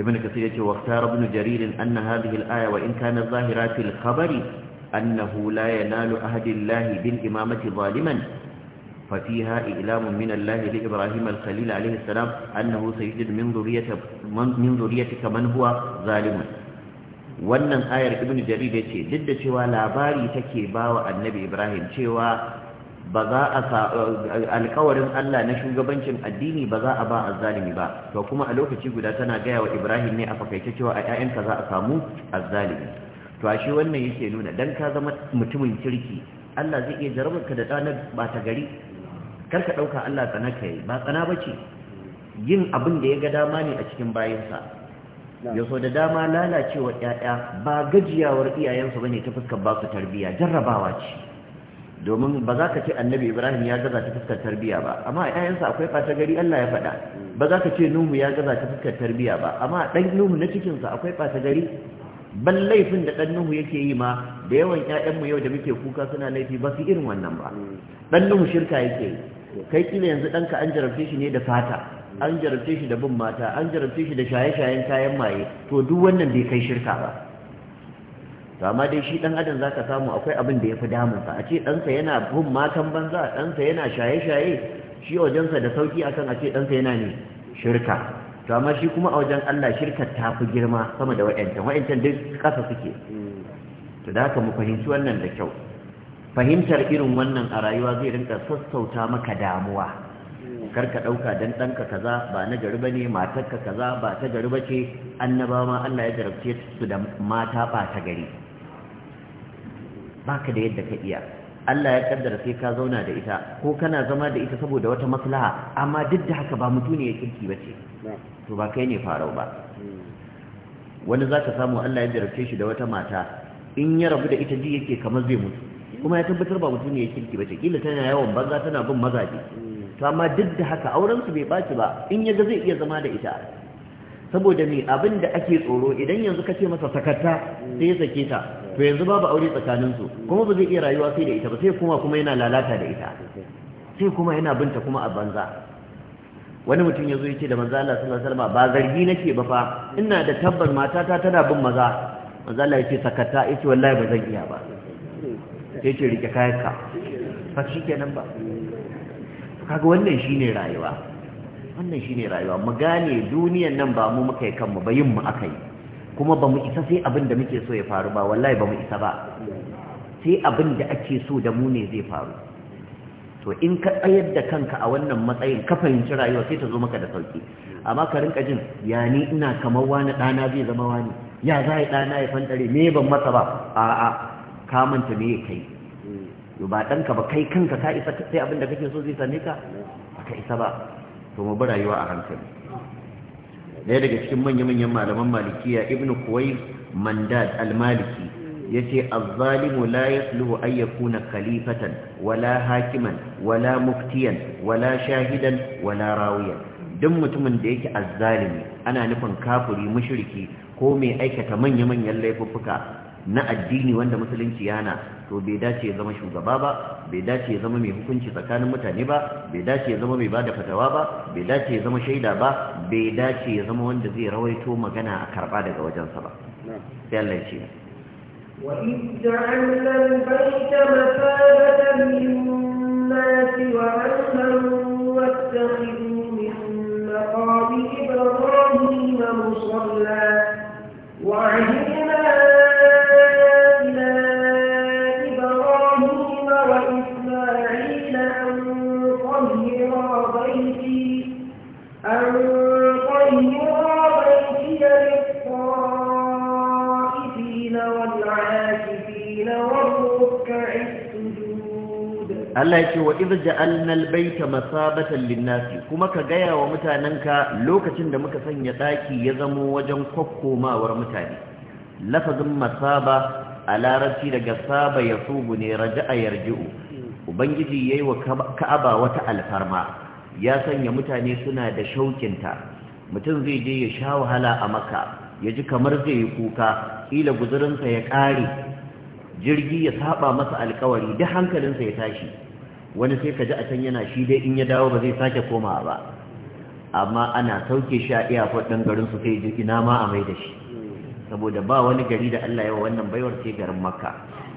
ibn kasir yace waqtar ibn jarir anna hadhihi al-aya wa in kana zahira fil khabari أنه لا ينال أهد الله بالإمامة ظالما ففيها إعلام من الله لإبراهيم الخليل عليه السلام أنه سيجد من ذريتك من, ذريتك من هو ظالم wannan ayar ibn jarir ce duk da cewa labari take bawa annabi ibrahim cewa ba za a alkawarin Allah na shugabancin addini ba za a ba azzalimi ba to kuma a lokaci guda tana gaya wa ibrahim ne a fakaice cewa a ƴaƴanka za a samu azzalimi to shi wannan yake nuna dan ka zama mutumin kirki Allah zai iya jarabarka da ɗanar ba ta gari kar ka ɗauka Allah tsana ka yi ba tsana ba ce yin abin da ya ga dama ne a cikin bayansa ya so da dama lalacewa ƴaƴa ba gajiyawar iyayensu bane ta fuskar ba su tarbiya jarrabawa ce domin ba za ka ce annabi ibrahim ya gaza ta fuskar tarbiya ba amma a ƴaƴansa akwai ɓata gari Allah ya faɗa mm. ba za ka ce nuhu ya gaza ta fuskar tarbiya ba amma ɗan nuhu na cikinsa akwai ɓata gari ban laifin da ɗan nuhu yake yi ma da yawan ƴaƴanmu yau da muke kuka suna laifi ba su irin wannan ba ɗan nuhu shirka yake yi kai kila yanzu ɗanka an jarabce shi ne da fata an jarabce shi da bin mata an jarabce shi da shaye-shayen kayan maye to duk wannan bai kai shirka ba to amma dai shi ɗan adam zaka samu akwai abin da fi damun sa a ce ɗansa yana bin matan banza ɗansa yana shaye-shaye shi wajensa da sauki akan a ce ɗansa yana ne shirka to amma shi kuma a wajen Allah shirka ta fi girma sama da wa'ancan wa'ancan duk kasa suke hmm. to da haka mu fahimci wannan da kyau fahimtar irin wannan a rayuwa zai rinka sassauta maka damuwa hmm. kar ka ɗauka dan ɗanka kaza ba na gari ne matarka kaza ba ta gari ce annaba ma Allah ya jarabce su da mata ba ta gari baka da yadda ka iya Allah ya kaddara sai ka zauna da ita ko kana zama da ita saboda wata maslaha amma duk da haka ba mutu ne ya kirki ba ce to ba kai ne farau ba hmm. wani za ka samu Allah ya jarabce shi da wata mata in ya rabu da ita ji yake kamar zai mutu kuma ya tabbatar ba mutu ne ya kirki ba ce kila tana yawan banza tana bin mazaje hmm. to amma duk da haka aurensu bai baci ba in ya ga zai iya zama da ita saboda me abin da ake tsoro idan yanzu kace masa sakatta hmm. sai ya sake ta to yanzu babu aure tsakanin su kuma ba zai iya rayuwa sai da ita ba sai kuma kuma yana lalata da ita sai kuma yana binta kuma a banza wani mutum ya zo ya ce da manzo Allah sallallahu alaihi wasallam ba zargi nake ba fa ina da tabbar matata tana bin maza manzo Allah ya ce sakata yace wallahi ba zan iya ba sai ce rike kayanka fa shikenan ba kaga wannan shine rayuwa wannan shine rayuwa mu gane duniyar nan ba mu muka yi kanmu ba yin mu aka yi kuma ba mu isa sai abin da muke so ya faru ba wallahi ba mu isa ba sai abin da ake so da mu ne zai faru to in ka tsayar da kanka a wannan matsayin ka fahimci rayuwa sai ta zo maka da sauki amma ka rinka jin ya ni ina kamar wani ɗana zai zama wani ya za yi ɗana ya fantare me ban masa ba a'a ka manta me ya kai To ba ɗanka ba kai kanka ka isa sai abin da kake so zai same ka ba ka isa ba to mu bi rayuwa a hankali ɗaya daga cikin manya-manyan malaman malikiya ibn kuwai mandad al-maliki ya ce azzalimu la yasluhu an yakuna khalifatan wala hakiman wala muftiyan wala shahidan wala rawiyan duk mutumin da yake azzalimi ana nufin kafuri mushriki ko mai aikata manya-manyan laifuffuka na addini wanda musulunci yana to bai dace ya zama shugaba ba bai dace ya zama mai hukunci tsakanin mutane ba bai dace ya zama mai bada fatawa ba bai dace ya zama shaida ba bai dace ya zama wanda zai rawaito magana a karba daga wajensa ba sai Allah ya ce وإذ جعلنا Allah ya ce wa idh ja'alna al-bayta masabatan lin-nasi kuma ka gaya wa mutananka lokacin da muka sanya daki ya zamo wajen kokkomawar mutane lafazin masaba a larabci daga saba yasubu ne raja'a yarji'u ubangiji yayi wa ka'aba wata alfarma ya sanya mutane suna da shaukinta mutum zai je ya sha wahala a makka ya ji kamar zai yi kuka ila guzurinsa ya kare jirgi ya saba masa alkawari duk hankalinsa ya tashi wani sai ka ji a can yana shi dai in ya dawo ba zai sake koma ba amma ana sauke shi a iyakar ɗan garin su sai ji ina ma a mai da shi saboda ba wani gari da Allah yawa wannan baiwar sai garin makka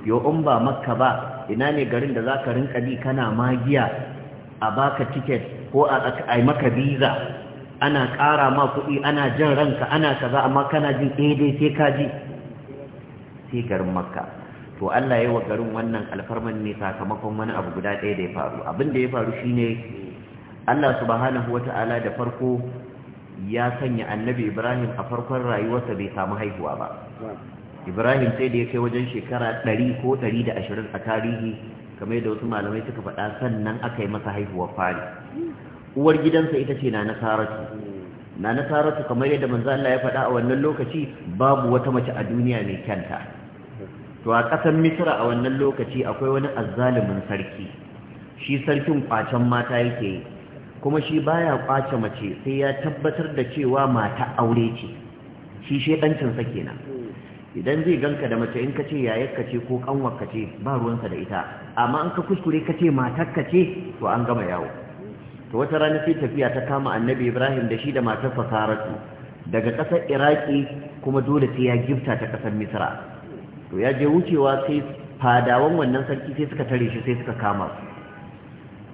yo in ba makka ba ina ne garin da za ka rinka bi kana magiya a baka tiket ko a maka biza ana ƙara ma kuɗi ana jin ranka ana kaza amma kana jin eh dai sai ka ji sai garin makka to Allah ya yi wa garin wannan alfarman ne sakamakon wani abu guda ɗaya da ya faru abin da ya faru shine Allah subhanahu Ta'ala da farko ya sanya annabi Ibrahim a farkon rayuwarsa bai samu haihuwa ba Ibrahim sai da ya kai wajen shekara 100 ko ashirin a tarihi kamar yadda wasu malamai suka faɗa sannan aka yi masa haihuwar fari uwar gidansa ita ce na nasaratu na nasaratu kamar yadda manzo Allah ya faɗa a wannan lokaci babu wata mace a duniya mai kyanta to a ƙasar misra a wannan lokaci akwai wani azzalumin sarki shi sarkin kwacen mata yake yi kuma shi baya kwace mace sai ya tabbatar da cewa mata aure ce shi shedancinsa kenan idan zai ganka da mace in ka ce ka ce ko ka ce ba ruwansa da ita amma in ka kuskure ka ce ka ce to an gama yawo to wata rana sai tafiya ta kama annabi ibrahim da shi da matarsa saratu daga ƙasar iraki kuma dole sai ya gifta ta ƙasar misra to ya je wucewa sai fadawan wannan sarki sai suka tare shi sai suka kama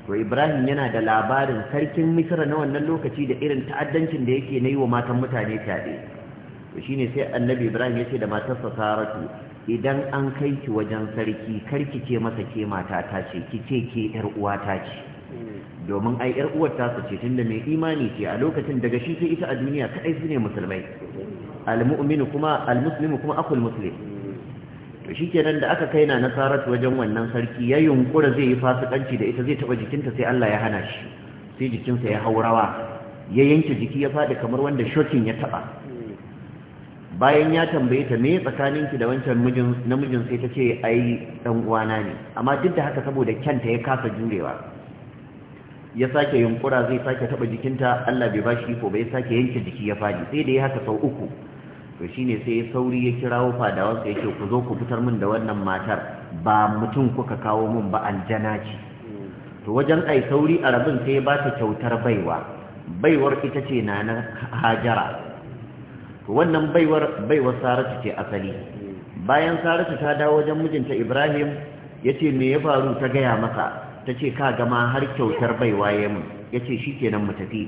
to ibrahim yana da labarin sarkin misra na wannan lokaci da irin ta'addancin da yake na yi wa matan mutane fyaɗe to shine sai annabi ibrahim ya ce da matarsa saratu idan an kai ki wajen sarki karki ce masa ke mata ta ce ki ce ke yar uwa ta ce domin ai yar uwar ta ce tunda mai imani ce a lokacin daga shi sai ita a duniya kadai su ne musulmai al-mu'minu kuma al-muslimu kuma akul muslim to shikenan da aka kai na nasarat wajen wannan sarki ya yunkura zai yi fasikanci da ita zai taba jikinta sai Allah ya hana shi sai jikinsa ya haurawa ya yanke jiki ya faɗi kamar wanda shokin ya taba bayan ya tambaye ta me tsakaninki da wancan mijin namijin sai ta ce ai dan uwana ne amma duk da haka saboda kyanta ya kasa jurewa ya sake yunkura zai sake taba jikinta Allah bai bashi iko bai sake yanke jiki ya faɗi sai da ya haka sau uku to shine sai sauri ya kirawo fadawansa ya ce ku zo ku fitar min da wannan matar ba mutum kuka kawo min ba aljana ce to wajen ai sauri a rabin sai ya bata kyautar baiwa baiwar ita ce na na hajara to wannan baiwar baiwar saratu ce asali bayan saratu ta dawo wajen mijinta ibrahim ya ce me ya faru ta gaya masa ta ce ka gama har kyautar baiwa ya ya ce shi kenan mu tafi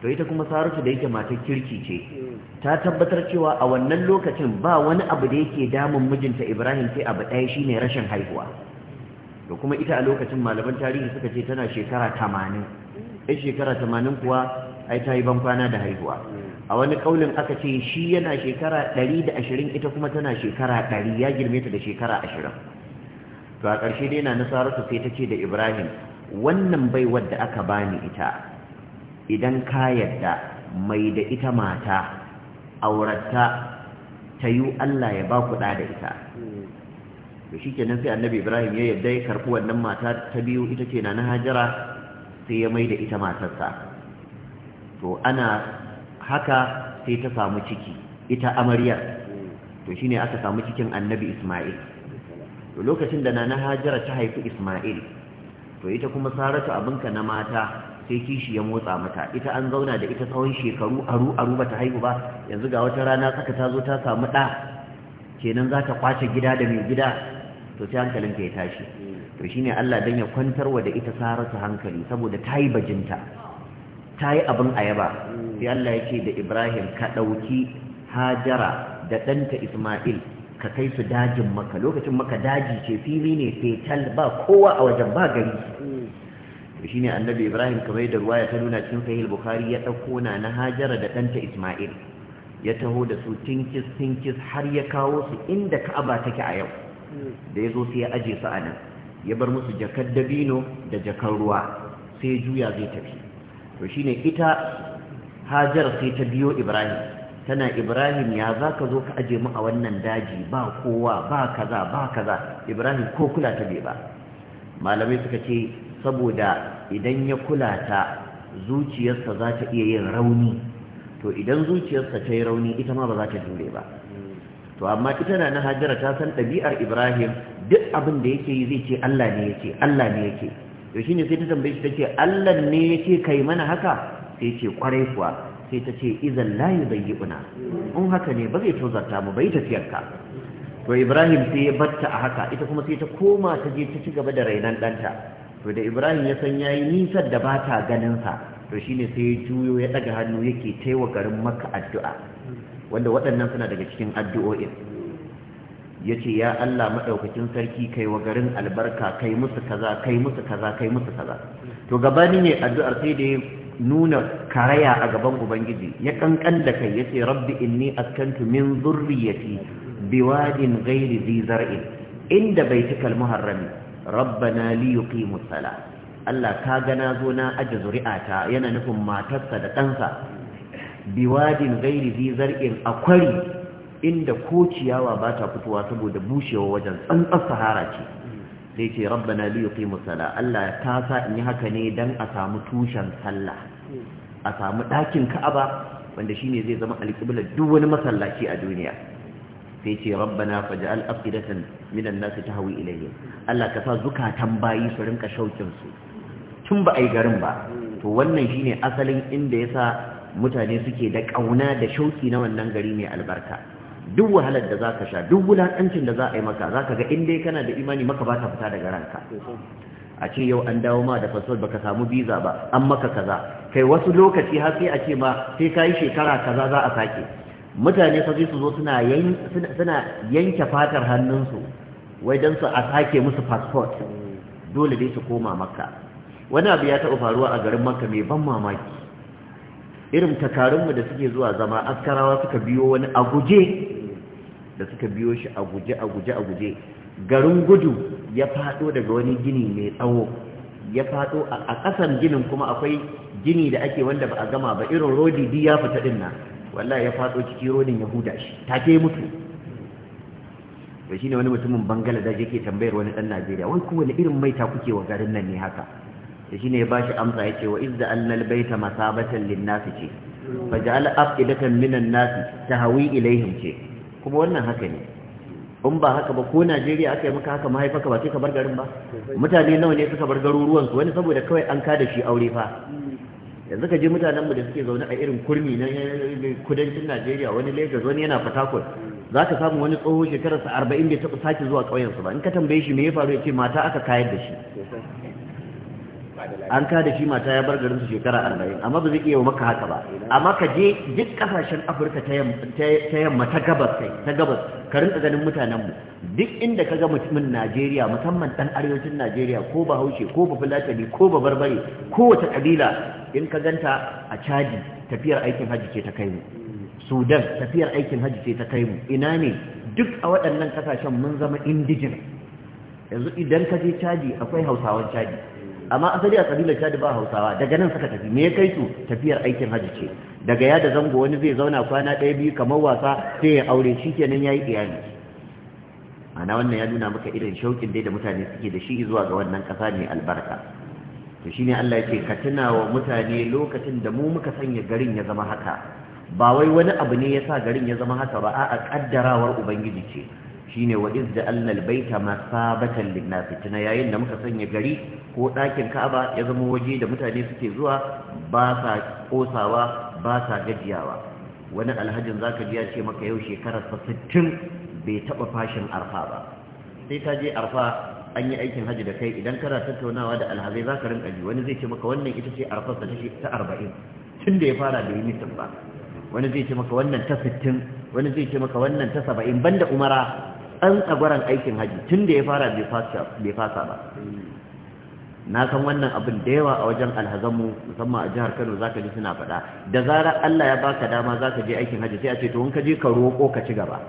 to ita kuma saratu da yake matar kirki ce ta tabbatar cewa a wannan lokacin ba wani abu da yake damun mijinta Ibrahim sai abu ɗaya shine rashin haihuwa da kuma ita a lokacin malaman tarihi suka ce tana shekara 80 ai shekara 80 kuwa ai ta yi ban kwana da haihuwa a wani kaulin aka ce shi yana shekara ɗari da ashirin, ita kuma tana shekara ɗari. ya girme ta da shekara ashirin. to a ƙarshe dai na su sai ta ce da Ibrahim wannan bai da aka bani ita idan ka yadda mai da ita mata Aurata ta yi Allah ya ba ku da ita hmm. to shi kenan sai annabi ibrahim ya yadda ya karɓi wannan mata ta biyu ita ce na hajara sai ya mai da ita matarsa to ana haka sai ta samu ciki ita amaryar hmm. to shi ne aka samu cikin annabi ismail to lokacin da na hajara ta haifi ismail to ita kuma saratu abinka na mata sai kishi ya motsa mata ita an zauna da ita tsawon shekaru aru aru bata haihu ba yanzu ga wata rana saka ta zo ta samu ɗa kenan za ta kwace gida da mai gida to sai ta ya tashi to shine Allah dan ya kwantarwa da ita saratu hankali saboda ta yi bajinta ta yi abin ayaba sai Allah ya ce da Ibrahim ka ɗauki Hajara da ɗanta Ismail ka kai su dajin maka lokacin maka daji ce fili ne fetal ba kowa a wajen ba gari to shine annabi ibrahim kamar ruwa ya ta nuna cikin sahih bukhari ya dauko na na hajara da danta isma'il ya taho da su tinkis tinkis har ya kawo su inda ka'aba take a yau da yazo zo sai ya aje su anan ya bar musu jakar dabino da jakar ruwa sai juya zai tafi to shine ita hajar sai ta biyo ibrahim tana ibrahim ya za ka zo ka aje mu a wannan daji ba kowa ba kaza ba kaza ibrahim ko kula ta bai ba malamai suka ce saboda idan ya kula ta zuciyarsa za ta iya yin rauni to idan zuciyarsa ta yi rauni ita ma ba za ta jure ba to amma ita na na hajjara ta san ɗabi'ar ibrahim duk abin da yake yi zai ce allah ne yake allah ne yake to shine sai ta tambaye shi ta ce allah ne yake kai mana haka sai ce kwarai kuwa sai ta ce izan layu zai yi una in haka ne ba zai tozarta mu bai ka to ibrahim sai ya batta a haka ita kuma sai ta koma ta je ta ci gaba da rainan ɗanta to da ibrahim ya san yayi nisan da ba ta ganinsa to shine sai ya juyo ya daga hannu yake taiwa garin maka addu'a wanda waɗannan suna daga cikin addu'o'in ya ce ya Allah maɗaukacin sarki kai wa garin albarka kai musu kaza kai musu kaza kai musu kaza to gabani ne addu'ar sai da ya nuna karaya a gaban ubangiji ya kankan da kai ya ce rabbi inni askantu min zurriyati biwadin ghairi zi inda baitikal muharrami rabbana li yuqimu sala Allah ka ga na zo na aje zuri'ata yana nufin matarsa da ɗansa biwadin gairi zi zar'in akwari inda ko ciyawa ba ta fitowa saboda bushewa wajen tsantsar sahara ce sai ce rabbana li yuqimu sala Allah ta sa in yi haka ne dan a samu tushen sallah a samu ɗakin ka'aba wanda shine zai zama alƙiblar duk wani masallaci a duniya sai ce rabbana faj'al afidatan minan nasi tahwi ilayhim Allah ka sa zukatan bayi su rinka shaukin su tun ba ai garin ba to wannan shine asalin inda yasa mutane suke da kauna da shauki na wannan gari mai albarka duk wahalar da zaka sha duk wulakancin da za a yi maka zaka ga inda kana da imani maka ba ta fita daga ranka a ce yau an dawo ma da fasfot baka samu biza ba an maka kaza kai wasu lokaci har sai a ce ma sai yi shekara kaza za a sake mutane fa su zo suna yanke fatar hannunsu wai dan su a sake musu passport dole dai su koma makka wani abu ya taɓa faruwa a garin makka mai ban mamaki irin takarunmu da suke zuwa zama askarawa suka biyo wani a da suka biyo shi a guje a garin gudu ya faɗo daga wani gini mai tsawo ya faɗo a ƙasan ginin kuma akwai gini da ake wanda ba a gama ba irin rodi ya fita ɗin wallahi ya faso cikin rodin ya huda shi take mutu to shine wani mutumin bangaladesh yake tambayar wani dan najeriya wai kowane irin mai maita kuke wa garin nan ne haka da shine ya bashi amsa yace wa idza annal baita masabatan nasi ce faj'al afidatan minan nasi tahawi ilaihim ce kuma wannan haka ne in ba haka ba ko Najeriya aka yi maka haka mahaifaka ba sai ka bar garin ba mutane nawa ne suka bar garuruwan su wani saboda kawai an kada shi aure fa yanzu ka je mutanenmu da suke zaune a irin kurmi na kudancin najeriya wani lagos wani yana fatakul za ka samu wani tsoho sa arba'in bai taɓa sake zuwa ƙauyensu ba in ka tambaye shi me ya faru ya ce mata aka kayar da shi an ka da shi mata ya bar garinsu shekara arba'in amma ba zai iya maka haka ba amma ka je duk kasashen afirka ta yamma ta gabas kai ta gabas ka rinka ganin mu duk inda ka ga mutumin najeriya musamman ɗan arewacin najeriya ko bahaushe ko bafulatani ko babarbare wata kabila in ka ganta a caji, tafiyar aikin hajji ce ta kai mu sudan tafiyar aikin hajji ce ta kai mu ina ne duk a waɗannan kasashen mun zama indijin? yanzu idan ka je cadi akwai hausawan caji, amma asali a kabilar caji ba hausawa daga nan suka tafi me ya kai su tafiyar aikin hajji ce daga da zango wani zai zauna kwana ɗaya biyu kamar wasa sai ya aure shi kenan ya yi iyali ana wannan ya nuna maka irin shauƙin dai da mutane suke da shi zuwa ga wannan ƙasa mai albarka to shine Allah yake ka tuna wa mutane lokacin da mu muka sanya garin ya zama haka ba wai wani abu ne yasa garin ya zama haka ba a'a kaddarawar ubangiji ce shine wa iz ja'alna baita masabatan lin-nas tuna yayin da muka sanya gari ko ɗakin Ka'aba ya zama waje da mutane suke zuwa ba sa kosawa ba sa gajiyawa wani alhajin zaka ji ya ce maka yau shekarar 60 bai taba fashin arfa ba sai ta je arfa an yi aikin haji da kai idan kana tattaunawa da alhazai za ka rinka ji wani zai ce maka wannan ita ce arfasa ta arba'in tun da ya fara da yunitin ba wani zai ce maka wannan ta sittin wani zai ce maka wannan ta saba'in banda umara an tsagwaron aikin haji tun da ya fara bai fasa ba na san wannan abin da yawa a wajen alhazanmu musamman a jihar kano zaka ji suna faɗa da zarar allah ya baka dama zaka je aikin haji sai a ce to in ka je ka roƙo ka ci gaba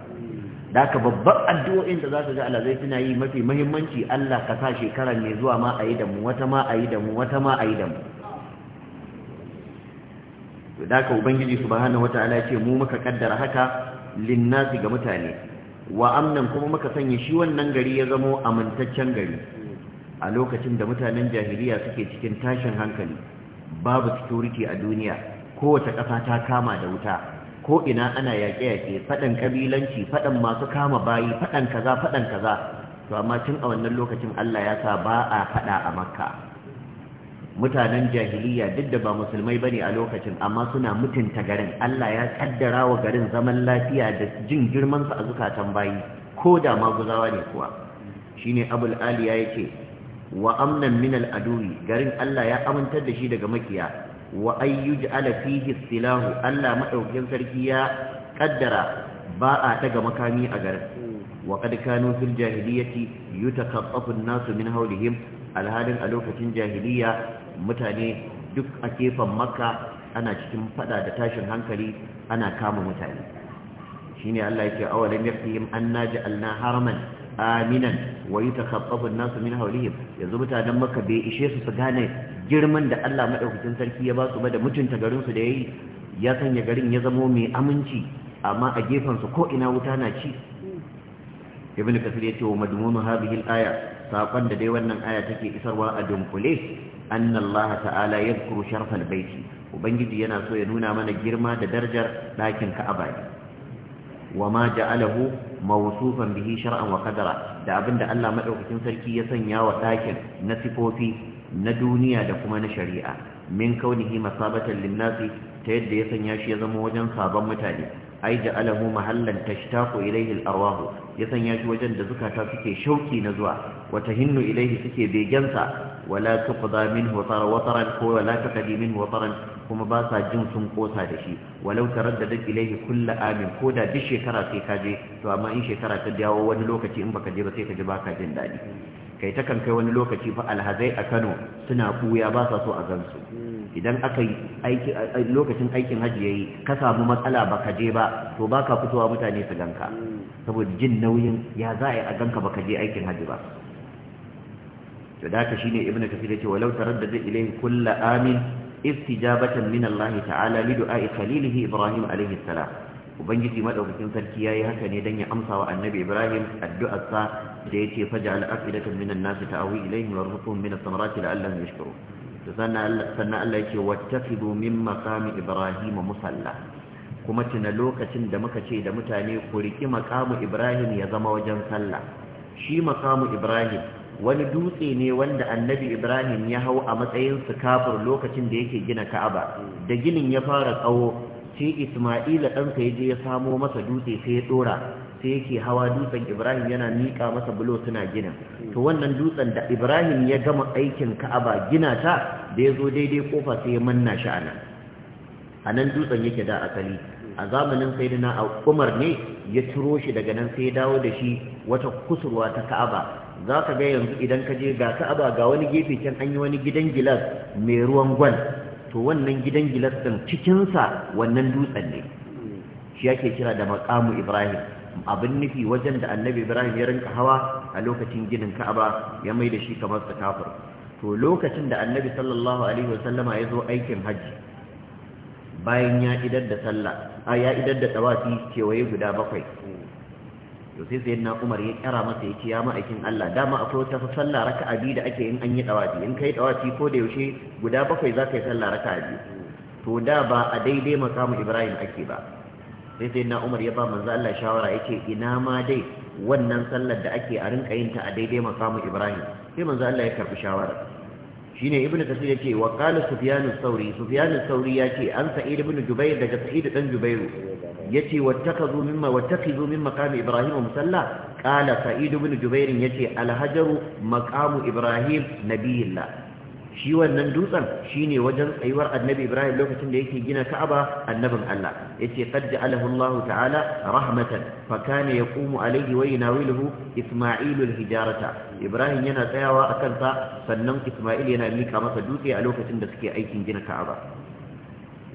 Daka babban addu'o'in da za ka ga alazai suna yi mafi mahimmanci Allah ka sa shekarar mai zuwa ma a yi da mu wata ma a yi da mu wata ma a da mu da ubangiji subhanahu wataala ya ce mu muka kaddara haka linnasi ga mutane wa amnan kuma muka sanya shi wannan gari ya zamo amintaccen gari a lokacin da mutanen jahiliya suke cikin tashin hankali babu security a duniya kowace ƙasa ta kama da wuta ko ina ana yaƙe-yaƙe faɗan ƙabilanci faɗan masu kama bayi faɗan kaza faɗan kaza to amma tun a wannan lokacin Allah ya sa ba a faɗa a makka mutanen jahiliya duk da ba musulmai bane a lokacin amma suna mutunta garin Allah ya kaddara wa garin zaman lafiya da jin girman su a zukatan bayi ko da guzawa ne kuwa shine abul ya yake wa amnan min al garin Allah ya amintar da shi daga makiya wa an yuj'ala fihi silahu Allah madaukakin sarki ya kaddara ba a daga makami a garin wa qad kanu fil jahiliyyati yutakaffafun nasu min hawlihim alhalin a lokacin jahiliya mutane duk a kefan makka ana cikin fada da tashin hankali ana kama mutane shine Allah yake awalan yaqim anna ja'alna haraman aminan wa yutakaffafun nasu min hawlihim yanzu mutanen makka bai ishe su su gane girman da Allah Maɗaukakin sarki ya ba su ba da mutunta garin su da yi ya sanya garin ya zamo mai aminci amma a gefen ko ina wuta na ci ibn kasir ce wa madmunu hadhihi al-aya da dai wannan aya take isarwa a dunkule anna Allah ta'ala yadhkuru sharaf al-bayt ubangiji yana so ya nuna mana girma da darajar dakin Ka'aba wa ma ja'alahu mawsufan bihi shar'an wa qadara da abinda Allah madaukakin sarki ya sanya wa dakin na sifofi na duniya da kuma na shari'a min kaunihi masabatan linnasi ta yadda ya sanya shi ya zama wajen sabon mutane ai da alahu mahallan tashtaqu ilayhi al-arwah ya sanya shi wajen da zukata suke shauki na zuwa wata hinnu ilayhi suke begensa wala tuqda minhu tarawtaran ko wala taqdi minhu taran kuma ba sa jin sun kosa da shi walau taraddadat ilayhi kullu amin ko da duk shekara sai ka je to amma in shekara ta dawo wani lokaci in baka je ba sai ka ji baka jin dadi kai ta kan kai wani lokaci fa alhazai a Kano suna kuya ba sa so a gansu idan aka yi lokacin aikin hajji yi ka samu matsala baka je ba to baka fitowa mutane su ganka saboda jin nauyin ya za a ganka baka je aikin hajji ba to da ka shine ibnu kafir yace walau zai ilayhi kulla amin istijabatan min allahi ta'ala li du'a'i khalilihi Ibrahim alayhi salam ubangiji madaukakin sarki yayi haka ne dan ya amsa wa annabi ibrahim addu'arsa da yace faj'al afidatan minan nasi ta'awi ilayhim warzuqhum minas samarati la'allahum yashkurun to sannan Allah yake wattakhidhu min maqami ibrahim musalla kuma tuna lokacin da muka ce da mutane ku riki maqamu ibrahim ya zama wajen sallah shi maqamu ibrahim wani dutse ne wanda annabi ibrahim ya hau a matsayin kafir lokacin da yake gina ka'aba da ginin ya fara tsawo sai isma'ila ɗansa ya je ya samo masa dutse sai ya ɗora sai yake hawa dutsen ibrahim yana miƙa masa bulo suna gina to wannan dutsen da ibrahim ya gama aikin ka'aba gina ta da ya zo daidai kofa sai ya manna shi a nan a nan dutsen yake da asali a zamanin sayyidina umar ne ya turo shi daga nan sai ya dawo da shi wata kusurwa ta ka'aba za ka ga yanzu idan ka je ga ka'aba ga wani gefe can an yi wani gidan gilas mai ruwan gwal to wannan gidan gilas ɗin cikinsa wannan dutsen ne shi yake kira da maqamu ibrahim abin nufi wajen da annabi ibrahim ya rinka hawa a lokacin ginin ka'aba ya mai da shi kamar kafir to lokacin da annabi sallallahu alaihi wasallama ya zo aikin hajji bayan ya idar da sallah ya idar da tawafi kewaye guda bakwai to sai na umar ya kira masa ya ce ya ma'aikin Allah dama akwai wata sallah raka'a biyu da ake in an yi dawaci in kai dawaci ko da yaushe guda bakwai za ka yi sallah raka'a biyu to da ba a daidai makamu Ibrahim ake ba sai sai na umar ya ba manzo Allah shawara yake ina ma dai wannan sallar da ake a rinka yin ta a daidai makamu Ibrahim sai manzo Allah ya karbi shawara shine ibnu kasir yace wa qala sufyan sauri sufyan sauri yace an sa'id ibn jubair daga sa'id dan jubairu yace wattakazu mimma wattakizu min maqam ibrahim musalla qala sa'id ibn jubair yace alhajaru maqamu ibrahim nabiyillah shi wannan dutsen shine wajen tsayuwar annabi ibrahim lokacin da yake gina ka'aba annabin allah yace qad ja'alahu allah ta'ala rahmatan fa kana yaqumu alayhi wa yanawiluhu isma'il alhijarata ibrahim yana tsayawa akan sa sannan isma'il yana mika masa dutse a lokacin da suke aikin gina ka'aba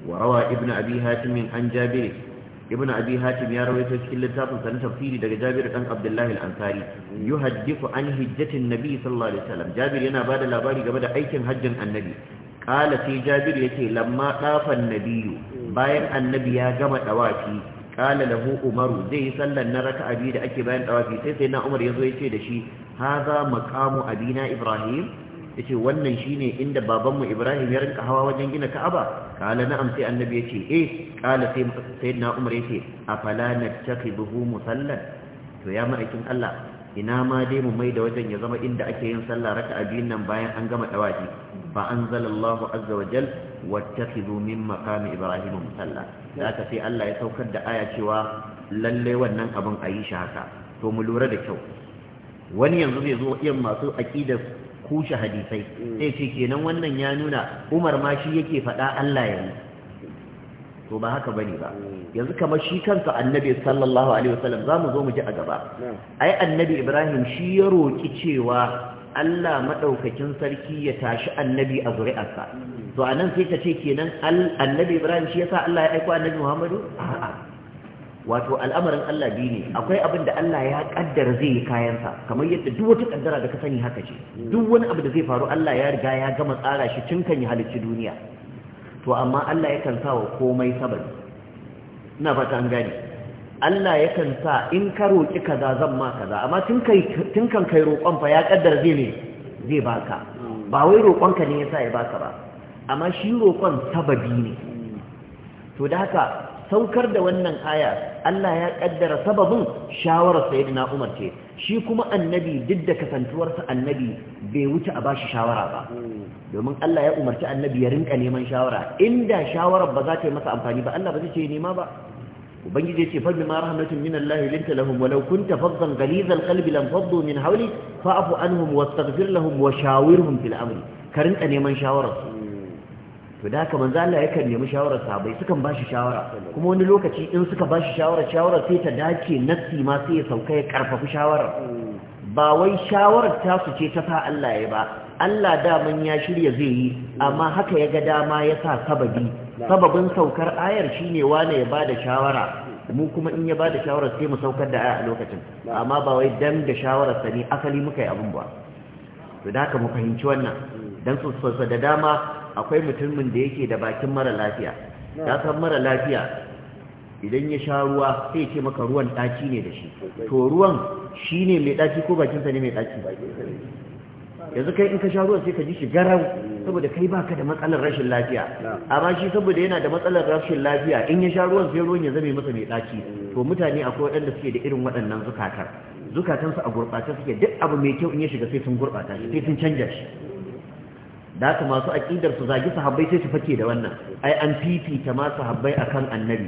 وروى ابن أبي هاتم عن جابر ibn abi hatim ya rawaito cikin littafin sa tafsiri daga jabir dan Abdullahi al-ansari yuhaddithu an hijjatin nabi sallallahu alaihi wasallam jabir yana bada labari game da aikin hajjin annabi qala sai jabir yace lamma dafan Nabiyu. bayan annabi ya gama dawafi qala lahu umaru zai sallan na raka'a biyu da ake bayan dawafi sai sai na umar yazo yace da shi hadha maqamu abina ibrahim yace wannan shine inda babanmu ibrahim ya rinka hawa wajen gina ka'aba kala na'am sai annabi yace eh kala sai sayyidina umar yace afala nattakhibuhu musallan to ya ma'aikin Allah ina ma dai mu mai da wajen ya zama inda ake yin sallah raka'a biyun nan bayan an gama dawaji fa anzalallahu azza wa jal wattakhidhu min maqami ibrahim musalla da aka sai Allah ya saukar da aya cewa lalle wannan abin ayi shi haka to mu lura da kyau wani yanzu zai zo iyan masu aqidar kushe hadisai sai ce kenan wannan ya nuna umar ma shi yake faɗa Allah ya yi to ba haka bane ba yanzu kamar shi kansa annabi sallallahu alaihi wasallam zamu zo mu ji a gaba ai annabi ibrahim shi ya roki cewa Allah madaukakin sarki ya tashi annabi a zuri'arsa to anan sai ka ce kenan annabi ibrahim shi yasa Allah ya aika annabi muhammadu a'a wato al'amarin Allah biyu ne akwai abin da Allah ya kaddara zai yi kayansa kamar yadda duk wata kaddara da ka sani haka ce duk wani abu da zai faru Allah ya riga ya gama tsara shi tun kan yi halicci duniya to amma Allah yakan sa wa komai sabari ina fata an gane Allah yakan sa in ka roki kaza zan ma kaza amma tun kai tun kan kai roƙon fa ya kaddara zai ne zai baka ba wai ka ne yasa ya baka ba amma shi roƙon sababi ne to da haka saukar da wannan aya Allah ya kaddara sababin shawarar sayyidina Umar ce shi kuma annabi duk da kasantuwarsa annabi bai wuce a bashi shawara ba domin Allah ya umarci annabi ya rinka neman shawara inda shawarar ba za ta yi masa amfani ba Allah ba zai ce nema ba ubangiji ce fadli ma rahmatun min Allah linta lahum walau kunta faddan ghalizal qalbi lam faddu min hawli fa'fu anhum wastaghfir lahum wa shawirhum fil amri ka rinka neman shawararsu to da haka manzo Allah yakan nemi shawarar sahabbai sukan ba shi shawara kuma wani lokaci in suka ba shi shawara shawara sai ta dace nassi ma sai ya sauka ya karfafi shawara ba wai shawarar ta su ce ta sa Allah ya ba Allah da daman ya shirya zai yi amma haka ya ga dama ya sa sababi sababin saukar ayar shine wane ya bada shawara mu kuma in ya bada shawara sai mu saukar da aya a lokacin amma ba wai dan da shawarar sa ne asali muka yi abun ba to da haka mu fahimci wannan dan su da dama akwai mutumin da yake da bakin mara lafiya ya san mara lafiya idan ya sha ruwa sai ce maka ruwan ɗaci ne da shi to ruwan shi ne mai ɗaci ko bakinsa ne mai ɗaci yanzu kai in ka sha ruwan sai ka ji shi garau saboda kai baka da matsalar rashin lafiya amma shi saboda yana da matsalar rashin lafiya in ya sha ruwan sai ruwan ya zame masa mai ɗaci to mutane akwai waɗanda suke da irin waɗannan zukatar zukatansu a gurɓata suke duk abu mai kyau in ya shiga sai sun gurɓata shi sai sun canja shi da haka masu aƙidar su zagi sahabbai sai su fake da wannan ai an fifita ma sahabbai akan annabi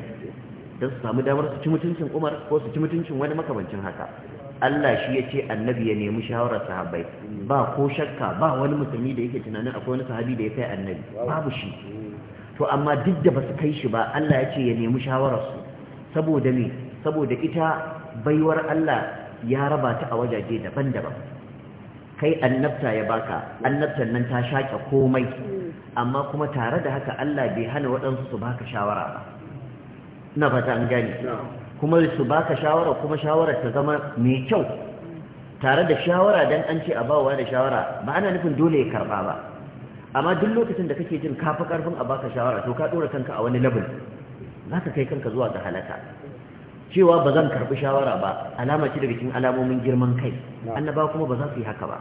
don su samu damar su ci mutuncin umar ko su ci mutuncin wani makamancin haka Allah shi ya ce annabi ya nemi shawarar sahabbai ba ko shakka ba wani musulmi da yake tunanin akwai wani sahabi da ya kai annabi babu shi to amma duk da basu kai shi ba Allah ya ce ya nemi shawarar su saboda me saboda ita baiwar Allah ya raba ta a wajaje daban-daban kai annabta ya baka annabtan nan ta shaƙe komai amma kuma tare da haka Allah bai hana waɗansu su baka shawara ba na fata an gani kuma su baka shawara kuma shawarar ta zama mai kyau tare da shawara dan an ce a bawa da shawara ba ana nufin dole ya karba ba amma duk lokacin da kake jin kafi karfin a baka shawara to ka dora kanka a wani level zaka kai kanka zuwa ga halaka cewa ba zan karɓi shawara ba alama ce daga cikin alamomin girman kai annaba kuma ba za su yi haka ba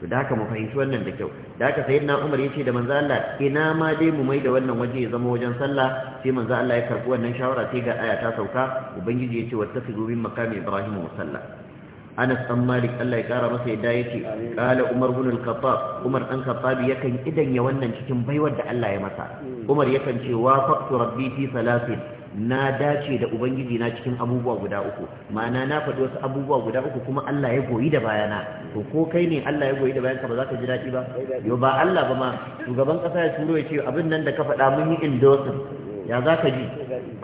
to da haka mu fahimci wannan da kyau da haka sayyidina Umar yace da manzo Allah ina ma dai mu mai da wannan waje ya zama wajen sallah sai manzo Allah ya karɓi wannan shawara sai ga aya ta sauka ubangiji ya yace wattakhidhu min maqami ibrahim musalla Anas dan Malik Allah ya kara masa yadda ce. kala Umar ibn al-Khattab Umar dan Khattab yakan idan ya wannan cikin baiwar da Allah ya masa hmm. Umar yakan ce wafaqtu rabbi fi salatin na dace da ubangiji na cikin abubuwa guda uku ma'ana na faɗi wasu abubuwa guda uku kuma Allah ya goyi da bayana to ko kai ne Allah ya goyi da bayanka ba za ka ji daɗi ba yo ba Allah ba ma shugaban ƙasa ya turo ya ce abin nan da ka faɗa mun yi endorsing ya za ka ji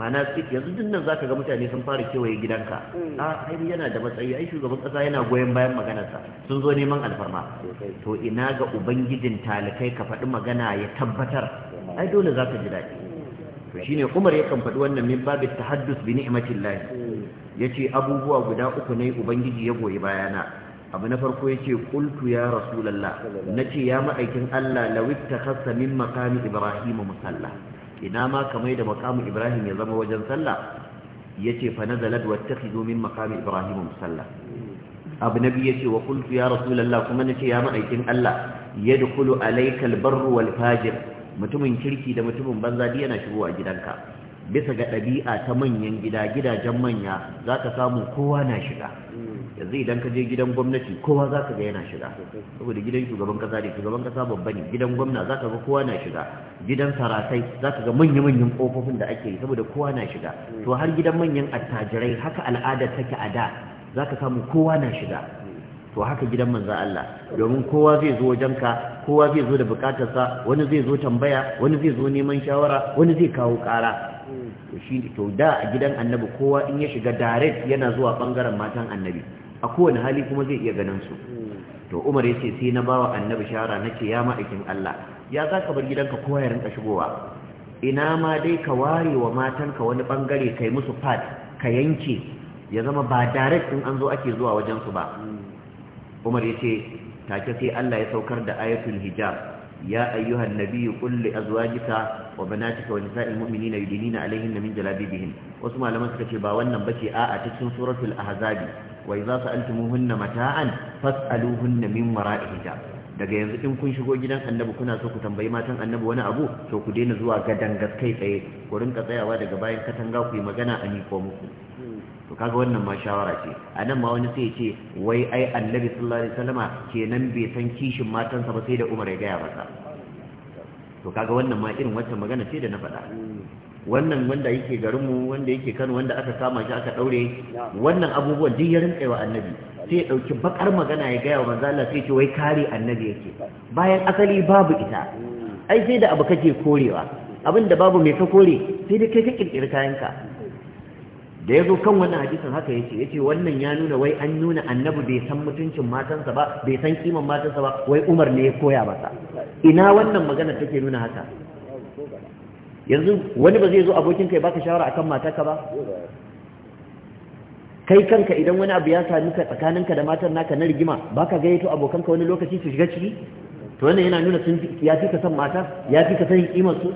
ma'ana yanzu din nan za ka ga mutane sun fara kewaye gidanka a ai yana da matsayi ai shugaban ƙasa yana goyon bayan maganarsa sun zo neman alfarma to ina ga ubangijin talikai ka faɗi magana ya tabbatar ai dole za ka ji daɗi to ne Umar yakan faɗi wannan min babu tahaddus bi Ya yace abubuwa guda uku ne ubangiji ya goyi bayana abu na farko ce Kultu ya Na ce ya ma'aikin Allah ta kasa min maqami ibrahim musalla ina ma kamar da maqamu ibrahim ya zama wajen sallah ce fa nazalat wattakhidhu min maqami ibrahim musalla abu na biyu yace wa Kultu ya rasulullah kuma nace ya ma'aikin Allah yadkhulu alaikal albarru wal fajir mutumin kirki da mutumin banza duk yana shigowa gidanka bisa ga ɗabi'a ta manyan gida gidajen manya za ka samu kowa na shiga yanzu idan ka je gidan gwamnati kowa za ka ga yana shiga saboda gidan shugaban kasa ne shugaban kasa babba ne gidan gwamna za ka ga kowa na shiga gidan saratai za ka ga manya-manyan kofofin da ake yi saboda kowa na shiga to har gidan manyan attajirai haka al'ada take a da za ka samu kowa na shiga to haka gidan manzon Allah domin kowa zai zo wajenka kowa zai zo da bukatarsa wani zai zo tambaya wani zai zo neman shawara wani zai kawo kara to shi to da a gidan annabi kowa in ya shiga direct yana zuwa bangaren matan annabi a kowane hali kuma zai iya ganin su to umar ya ce sai na bawa annabi shawara na ce ya ma'aikin Allah ya za ka bar gidanka kowa ya rinka shigowa ina ma dai ka ware wa matanka wani bangare kai musu fat ka yanke ya zama ba direct in an zo ake zuwa wajen su ba umar ya ce take sai Allah ya saukar da ayatul hijab ya ayyuhan nabiyyu qul li azwajika wa banatika wa nisa'il mu'minina yudinina alayhinna min jalabibihin wasu malaman suka ce ba wannan bace a'a cikin suratul ahzab wa idza sa'altumuhunna mata'an fas'aluhunna min wara'i hijab daga yanzu in kun shigo gidan annabi kuna so ku tambayi matan annabi wani abu to ku daina zuwa gadan gaskai tsaye ku rinka tsayawa daga bayan katanga ku yi magana a miko muku to kaga wannan ma shawara ce a nan ma wani sai ce wai ai annabi sallallahu alaihi wasallama kenan bai san kishin matansa ba sai da Umar ya gaya masa to kaga wannan ma irin wata magana ce da na faɗa wannan wanda yake garinmu wanda yake Kano wanda aka kama shi aka daure wannan abubuwan duk ya rinka wa annabi sai ya dauki bakar magana ya gaya wa manzo Allah sai ce wai kare annabi yake bayan asali babu ita ai sai da abu kake korewa abinda babu mai ka kore sai da kai ka kirkiri kayanka da ya zo kan wannan hadisin haka ya ya ce wannan ya nuna wai an nuna annabi bai san mutuncin matansa ba bai san kiman matansa ba wai Umar ne ya koya masa ina wannan magana take nuna haka yanzu wani ba zai zo abokin kai baka shawara akan matarka ba kai kanka idan wani abu ya sami ka tsakaninka da matar naka na rigima baka gayyato abokanka wani lokaci su shiga ciki to wannan yana nuna sun ya fi ka san mata ya fi ka san kiman su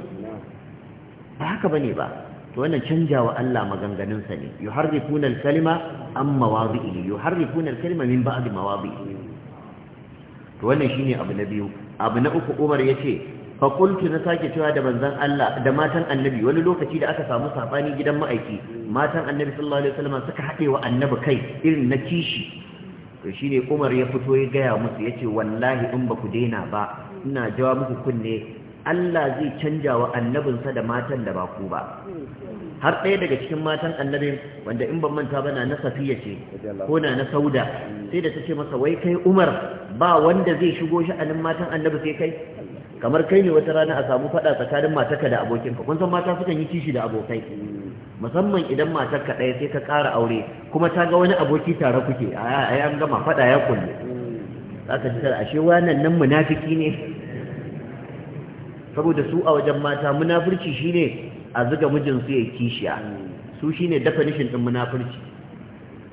ba haka bane ba to wannan canjawa Allah maganganunsa ne yuharrifuna al-kalima an mawadi'i yuharrifuna al-kalima min ba'd mawadi'i to wannan ne abu na biyu abu na uku Umar ya ce, fakultu na sake cewa da manzon Allah da matan annabi wani lokaci da aka samu sabani gidan ma'aiki matan annabi sallallahu alaihi wasallam suka haɗe wa annabi kai irin na kishi to shine Umar ya fito ya gaya musu yace wallahi in ba ku daina ba ina jawa muku kunne Allah zai canja wa annabinsa da matan da ba ku ba har ɗaya daga cikin matan annabin, wanda in ban manta ba na na safiya ce ko na na sauda sai da ta ce masa wai kai umar ba wanda zai shigo sha'anin matan annabi sai kai kamar kai ne wata rana a samu faɗa tsakanin matarka da abokinka kun san mata sukan yi kishi da abokai musamman idan matarka ɗaya sai ka ƙara aure kuma ta ga wani aboki tare kuke a an gama faɗa ya kulle za ka ji ashe wannan nan munafiki ne saboda su a wajen mata munafurci shine a zuga mijin su ya kishiya hmm. su shi dafa definition ɗin munafurci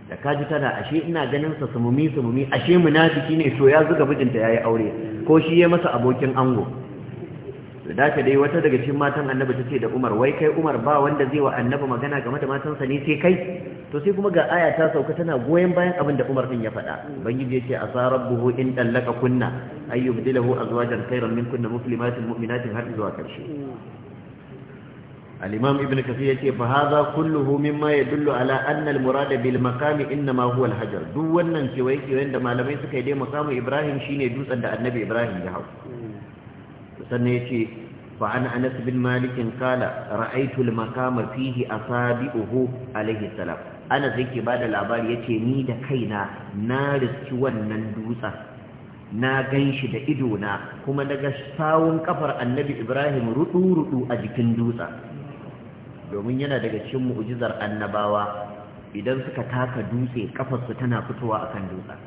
da kaji tana ashe ina ganin sa sumumi sumumi ashe munafiki ne to ya zuga mijinta ya yi aure ko shi ya masa abokin ango da dace dai wata daga cikin matan annabi ta ce da Umar wai kai Umar ba wanda zai wa annabi magana game da matansa ne sai kai to sai kuma ga aya ta sauka tana goyon bayan abin da Umar din ya faɗa ubangiji a asa rabbuhu in dallaka kunna ayyubdilahu azwajan khayran kunna muslimatin mu'minatin har zuwa karshe hmm. al-imam ibn kathir yace fa hadha kulluhu mimma yadullu ala anna al-murad bil maqam inma huwa al-hajar duk wannan kewaye kewayen da malamai suka yi dai maqamu ibrahim shine dutsen da annabi ibrahim ya hau sannan yace fa an anas bin malik qala ra'aytu al a fihi asabi'uhu alayhi salam anas yake bada labari yace ni da kaina na riski wannan dutsen na gan shi da idona kuma daga sawun kafar annabi ibrahim ruɗu-ruɗu a jikin dutsen domin yana daga cikin mu'jizar annabawa idan suka taka dutse kafarsu tana fitowa akan dutsen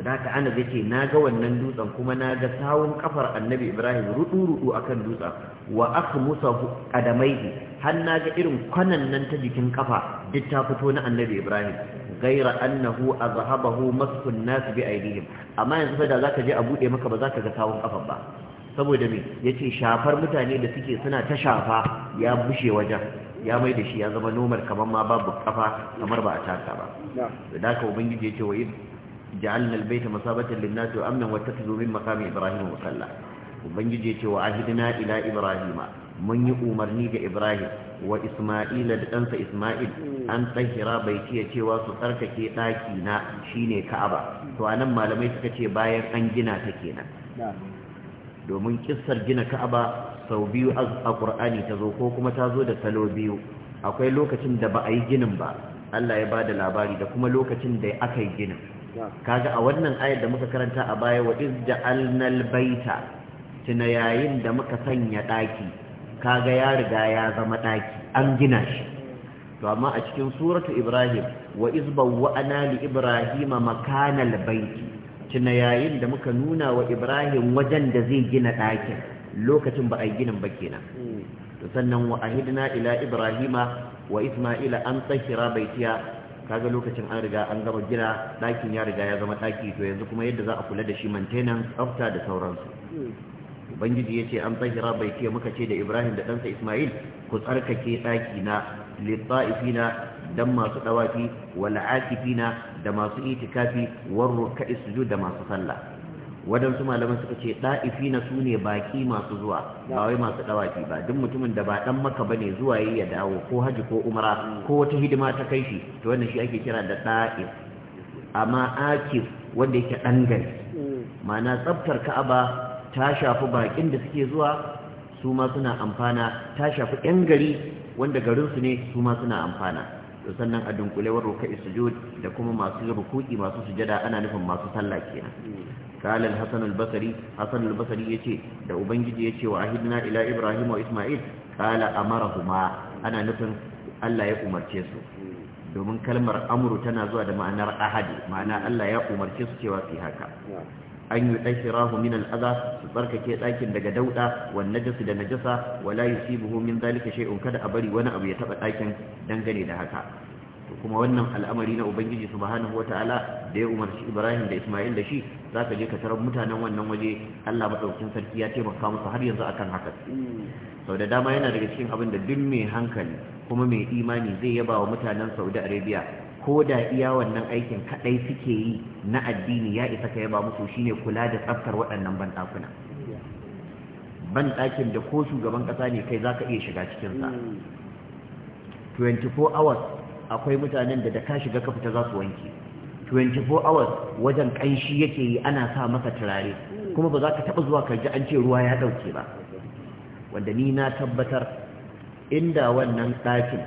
da haka ana zai ce na ga wannan dutsen kuma na ga sawun kafar annabi ibrahim rudu-rudu akan dutsen wa aka musa har na ga irin kwanan nan ta jikin kafa duk ta fito na annabi ibrahim gaira annahu azhabahu maskun nas bi aidihim amma yanzu fa da zaka je a bude maka ba zaka ga sawun kafar ba saboda me yace shafar mutane da suke suna ta shafa ya bushe wajen ya mai da shi ya zama nomar kamar ma babu kafa kamar ba a taka ba da daga ubangiji ya ce wa id ja'alna albayta masabatan lin wa amnan wattakhidhu min maqami ibrahim musalla ubangiji ya ce wa ahidna ila ibrahima mun yi umarni ga ibrahim wa isma'ila da ɗansa isma'il hmm. an tsahira bai ya cewa su tsarkake ɗaki na shine ka'aba to a nan malamai suka ce bayan an gina ta kenan domin kissar gina ka'aba sau biyu a ƙur'ani ta zo ko kuma ta zo da salo biyu akwai lokacin da ba a yi ginin ba Allah ya ba da labari da kuma lokacin da aka yi ginin kaga a wannan ayar da muka karanta a baya wa iz alnal baita tuna yayin da muka sanya daki kaga ya riga ya zama ɗaki, an gina shi to amma a cikin suratu ibrahim wa iz ana li ibrahima makanal baiti tuna yayin da muka nuna wa ibrahim wajen da zai gina ɗakin. lokacin ba a yi ginin ba kenan to sannan wa ahidna ila ibrahima wa isma'ila an tsakira baitiya kaga lokacin an riga an gama gina ɗakin ya riga ya zama ɗaki to yanzu kuma yadda za a kula da shi mantenan tsafta da sauransu ubangiji ya ce an tsakira baitiya muka ce da ibrahim da ɗansa isma'il ku tsarkake ɗaki na litsa'ifina dan masu ɗawafi wal da masu itikafi war ka sujud da masu sallah wadansu malaman suka ce ɗa'ifi na su ne baƙi masu zuwa ba wai masu ɗawafi ba duk mutumin da ba ɗan maka bane zuwa yi ya dawo ko haji ko umra ko wata hidima ta kai shi to wannan shi ake kira da ɗa'if amma akif wanda yake ɗan gari ma'ana tsaftar ka'aba ta shafi baƙin da suke zuwa su ma suna amfana ta shafi 'yan gari wanda garinsu ne su ma suna amfana to sannan a dunkulewar ruka'i sujud da kuma masu ruku'i masu sujada ana nufin masu sallah kenan قال الحسن البصري حسن البصري يتي da ubangiji yace wa ahidna ila ibrahim wa isma'il qala amarahuma ana nufin Allah ya umarce su domin kalmar amru tana zuwa da ma'anar ahadi ma'ana Allah ya umarce su cewa fi haka an yi tsakirahu min al'aza su ke ɗakin daga dauɗa wa najasi da najasa wala yusibuhu min zalika shay'un kada a bari wani abu ya taba ɗakin dangane da haka to kuma wannan al'amari na ubangiji subhanahu wata'ala da ya umarci ibrahim da isma'il da shi za ka je ka tarar mutanen wannan waje allah maɗaukin sarki ya taimaka musu har yanzu akan haka sau da dama yana daga cikin abin da duk mai hankali kuma mai imani zai yaba wa mutanen saudi arabia ko da iya wannan aikin kaɗai suke yi na addini ya isa ka yaba musu shine kula da tsaftar waɗannan banɗakuna banɗakin da ko shugaban ƙasa ne kai za ka iya shiga cikinsa 24 hmm. hours akwai mutanen da da ka shiga ka fita za su wanke 24 hours wajen kanshi yake yi ana sa masa turare kuma ba za ka taba zuwa ka ji an ce ruwa ya dauke ba wanda ni na tabbatar inda wannan ɗakin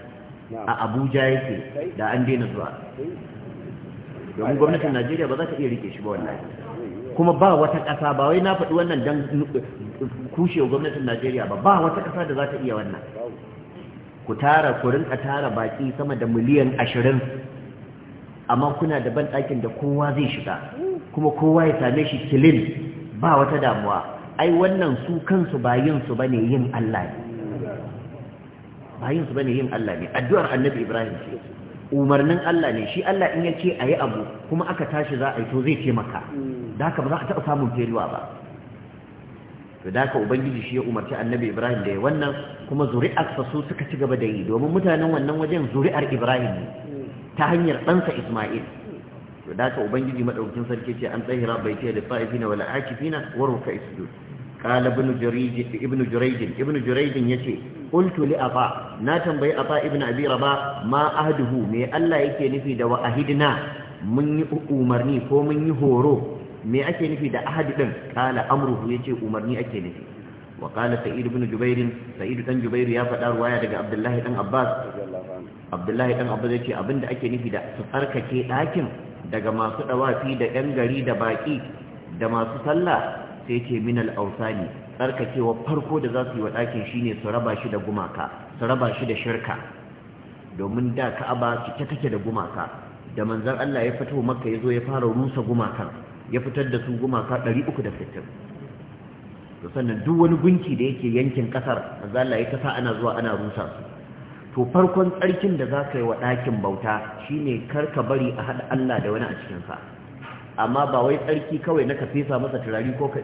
a abuja yake da an daina zuwa domin gwamnatin najeriya ba za ta iya rike shi ba wallahi kuma ba wata ƙasa ba wai na faɗi wannan don kushe gwamnatin najeriya ba ba wata ƙasa da za ta iya wannan ku tara ku rinka tara baki sama da miliyan ashirin amma kuna da banɗakin da kowa zai shiga kuma kowa ya same shi kilin ba wata damuwa ai wannan su kansu bayin ba ne yin Allah ne Bayinsu ba ne yin Allah ne addu'ar annabi Ibrahim ce umarnin Allah ne shi Allah in a ayi abu kuma aka tashi za a yi to zai taimaka da haka ba za a taɓa samun failure ba to da ka ubangiji shi ya umarci annabi ibrahim da ya wannan kuma zuri'arsa su suka ci gaba da yi domin mutanen wannan wajen zuri'ar ibrahim ne ta hanyar ɗansa isma'il to da ka ubangiji maɗaukin sarki ce an tsahira bai ce da fa'ifina wala akifina wa ruka isjud قال ابن جريج ابن جريج ابن جريج يتي قلت لأبا نا تنبي أبا ابن أبي ربا ما أهده مي ألا يكي mun yi umarni ko mun yi horo? me ake nufi da ahadi din qala amruhu yace umarni ake nufi wa qala sa'id ibn jubair sa'id dan jubair ya faɗa ruwaya daga abdullahi dan abbas abdullahi dan abbas yace abinda ake nufi da su tsarkake ɗakin daga masu dawafi da yan gari da baki da masu sallah sai yace min al-awsani farko da za su yi wa ɗakin shine su raba shi da gumaka su raba shi da shirka domin da ka'aba cike take da gumaka da manzon Allah ya fito makka zo ya fara rusa gumakan ya fitar da su gumaka fitar to sannan duk wani gunki da yake yankin ƙasar, a zala ya kasa ana zuwa ana rusa su to farkon tsarkin da za ka yi wa ɗakin bauta shine kar ka bari a haɗa Allah da wani a cikinsa. amma ba wai tsarki kawai na ka fesa masa turare ko ka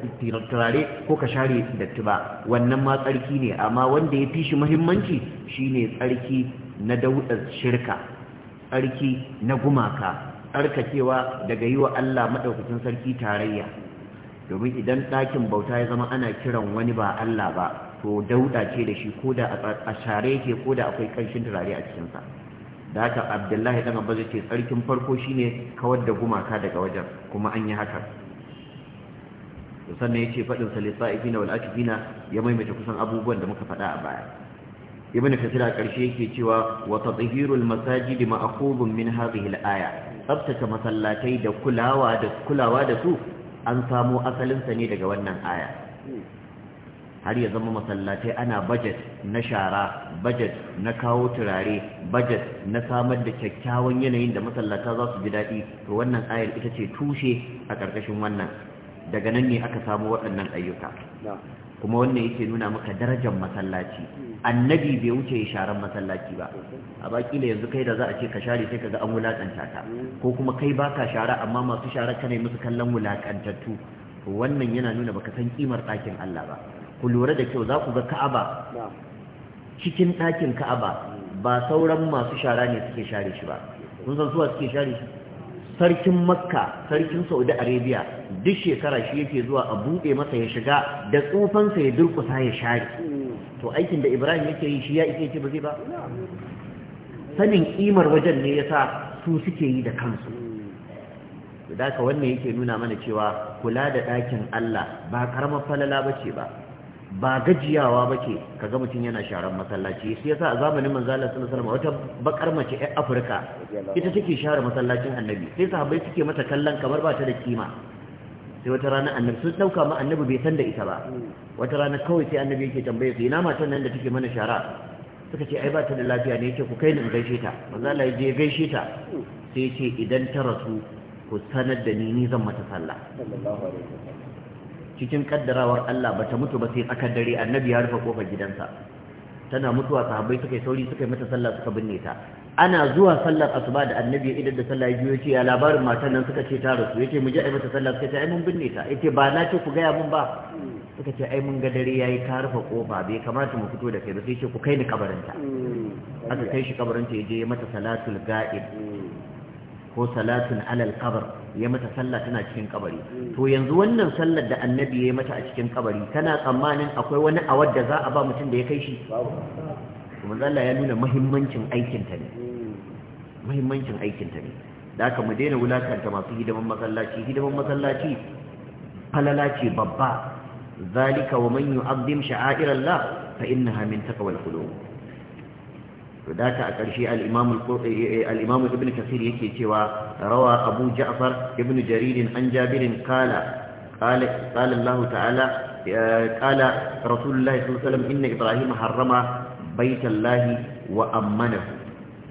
turare ko ka share datti ba wannan ma tsarki ne amma wanda ya fi shi muhimmanci shine tsarki na daudar shirka tsarki na gumaka tsarkakewa daga yi wa Allah maɗaukacin sarki tarayya domin idan ɗakin bauta ya zama ana kiran wani ba Allah ba to dauda ce da shi ko da a share yake ko da akwai ƙanshin turare a cikinsa da haka abdullahi ɗan abbas ce tsarkin farko shine kawar da gumaka daga wajen kuma an yi haka sannan ya ce faɗin salisa ifina wal akifina ya maimaita kusan abubuwan da muka faɗa a baya ibn kasir a ƙarshe yake cewa wata tatahirul masajidi ma'akubun min hadhihi al-aya tsabtace masallatai da kulawa da su an samo asalinsa ne daga wannan aya har ya zama masallatai ana budget na shara budget na kawo turare budget na samar da kyakkyawan yanayin da masallata za su ji daɗi to wannan ayar ita ce tushe a ƙarƙashin wannan daga nan ne aka samu waɗannan ayyuka kuma wannan yake nuna maka darajar masallaci annabi bai wuce ya sharan masallaci ba a baki da yanzu kai da za a ce ka share sai ka ga an wulakanta ta ko kuma kai baka shara amma masu shara ne musu kallon wulakantattu wannan yana nuna baka san kimar ɗakin Allah ba ku lura da kyau za ku ga Ka'aba cikin ɗakin Ka'aba ba sauran masu shara ne suke share shi ba kun san suwa suke share shi sarkin makka sarkin saudi arabia duk shekara shi yake zuwa a buɗe masa ya shiga da tsufansa ya durkusa ya share to aikin da ibrahim yake yi shi ya ike ce ba zai ba sanin ƙimar wajen ne ya sa su suke yi da kansu da ka wannan yake nuna mana cewa kula da ɗakin allah ba karamar falala ba ce ba ba gajiyawa ba ka kaga mutum yana sharan masallaci sai yasa a zamanin manzala Allah sallallahu alaihi wata bakar mace ɗan Afirka ita take share masallacin Annabi sai sahabbai suke mata kallon kamar ba ta da kima sai wata rana Annabi sun dauka ma Annabi bai san da ita ba wata rana kawai sai Annabi yake tambaye su ina matan nan da take mana shara suka ce ai ba ta da lafiya ne yake ku kai ni in gaishe ta manzala ya je gaishe ta sai ce idan ta rasu ku sanar da ni ni zan mata sallah cikin kaddarawar Allah bata mutu ba sai tsakar dare annabi ya rufe kofar gidansa tana mutuwa sahabbai suka yi sauri suka yi mata sallah suka binne ta ana zuwa sallar asuba da annabi ya idan da sallah biyu yace ya labarin matan nan suka ce ta rasu yace mu je ai mata sallah suka ce ai mun binne ta yace ba na ce ku gaya mun ba suka ce ai mun ga dare yayi ka rufe kofa bai kamata mu fito da kai ba sai ce ku kai ni kabarinta aka kai shi kabarinta ya je mata salatul ga'ib ko salatun alal kabar ya mata sallah tana cikin kabari to yanzu wannan sallar da annabi ya mata a cikin kabari tana tsammanin akwai wani awar da za a ba mutum da ya kai shi kuma ya nuna muhimmancin aikin ta ne muhimmancin aikin ta ne da haka mu daina wulakanta masu hidimin masallaci Hidimin masallaci falala ce babba zalika wa man yu'azzim sha'airallah fa innaha min taqwal qulub to da a ƙarshe al-imam eh, eh, ibn kasir yake cewa rawa abu ja'far ibn jaririn an jabirin kala qala Allah ta'ala rasulullah sallallahu inna ibrahim harrama baitallahi wa ammanahu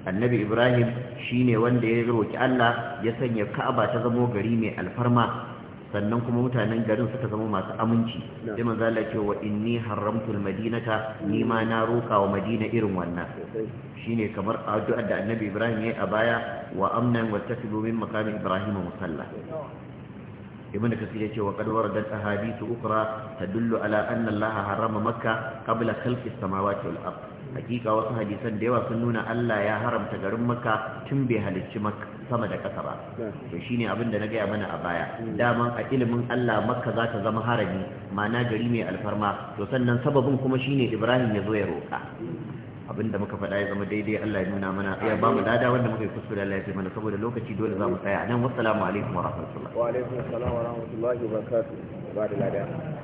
annabi ibrahim shine wanda ya roki Allah ya sanya ka'aba ta zamo gari mai alfarma sannan kuma mutanen garin suka zama masu aminci sai manzo Allah ce wa inni haramtul madinata ni ma na roka wa madina irin wannan shine kamar addu'ar da annabi Ibrahim yayi a baya wa amnan domin min maqami Ibrahim musalla ibn kasir yace wa qad waradat ahadithu ukhra tadullu ala anna Allah harrama makkah qabla khalqis samawati wal ardh hakika wasu hadisan da yawa sun nuna Allah ya haramta garin Makka tun bai halicci sama da ƙasa ba to shine abin da na gaya mana a baya daman a ilimin Allah Makka za ta zama harami ma'ana gari mai alfarma to sannan sababin kuma shine Ibrahim ya zo ya roƙa abinda muka faɗa ya zama daidai Allah ya nuna mana ya ba mu dada wanda muka yi kuskure Allah ya mana saboda lokaci dole za mu tsaya nan wassalamu alaikum wa rahmatullahi wa alaikum assalam wa rahmatullahi wa barakatuh ba da lada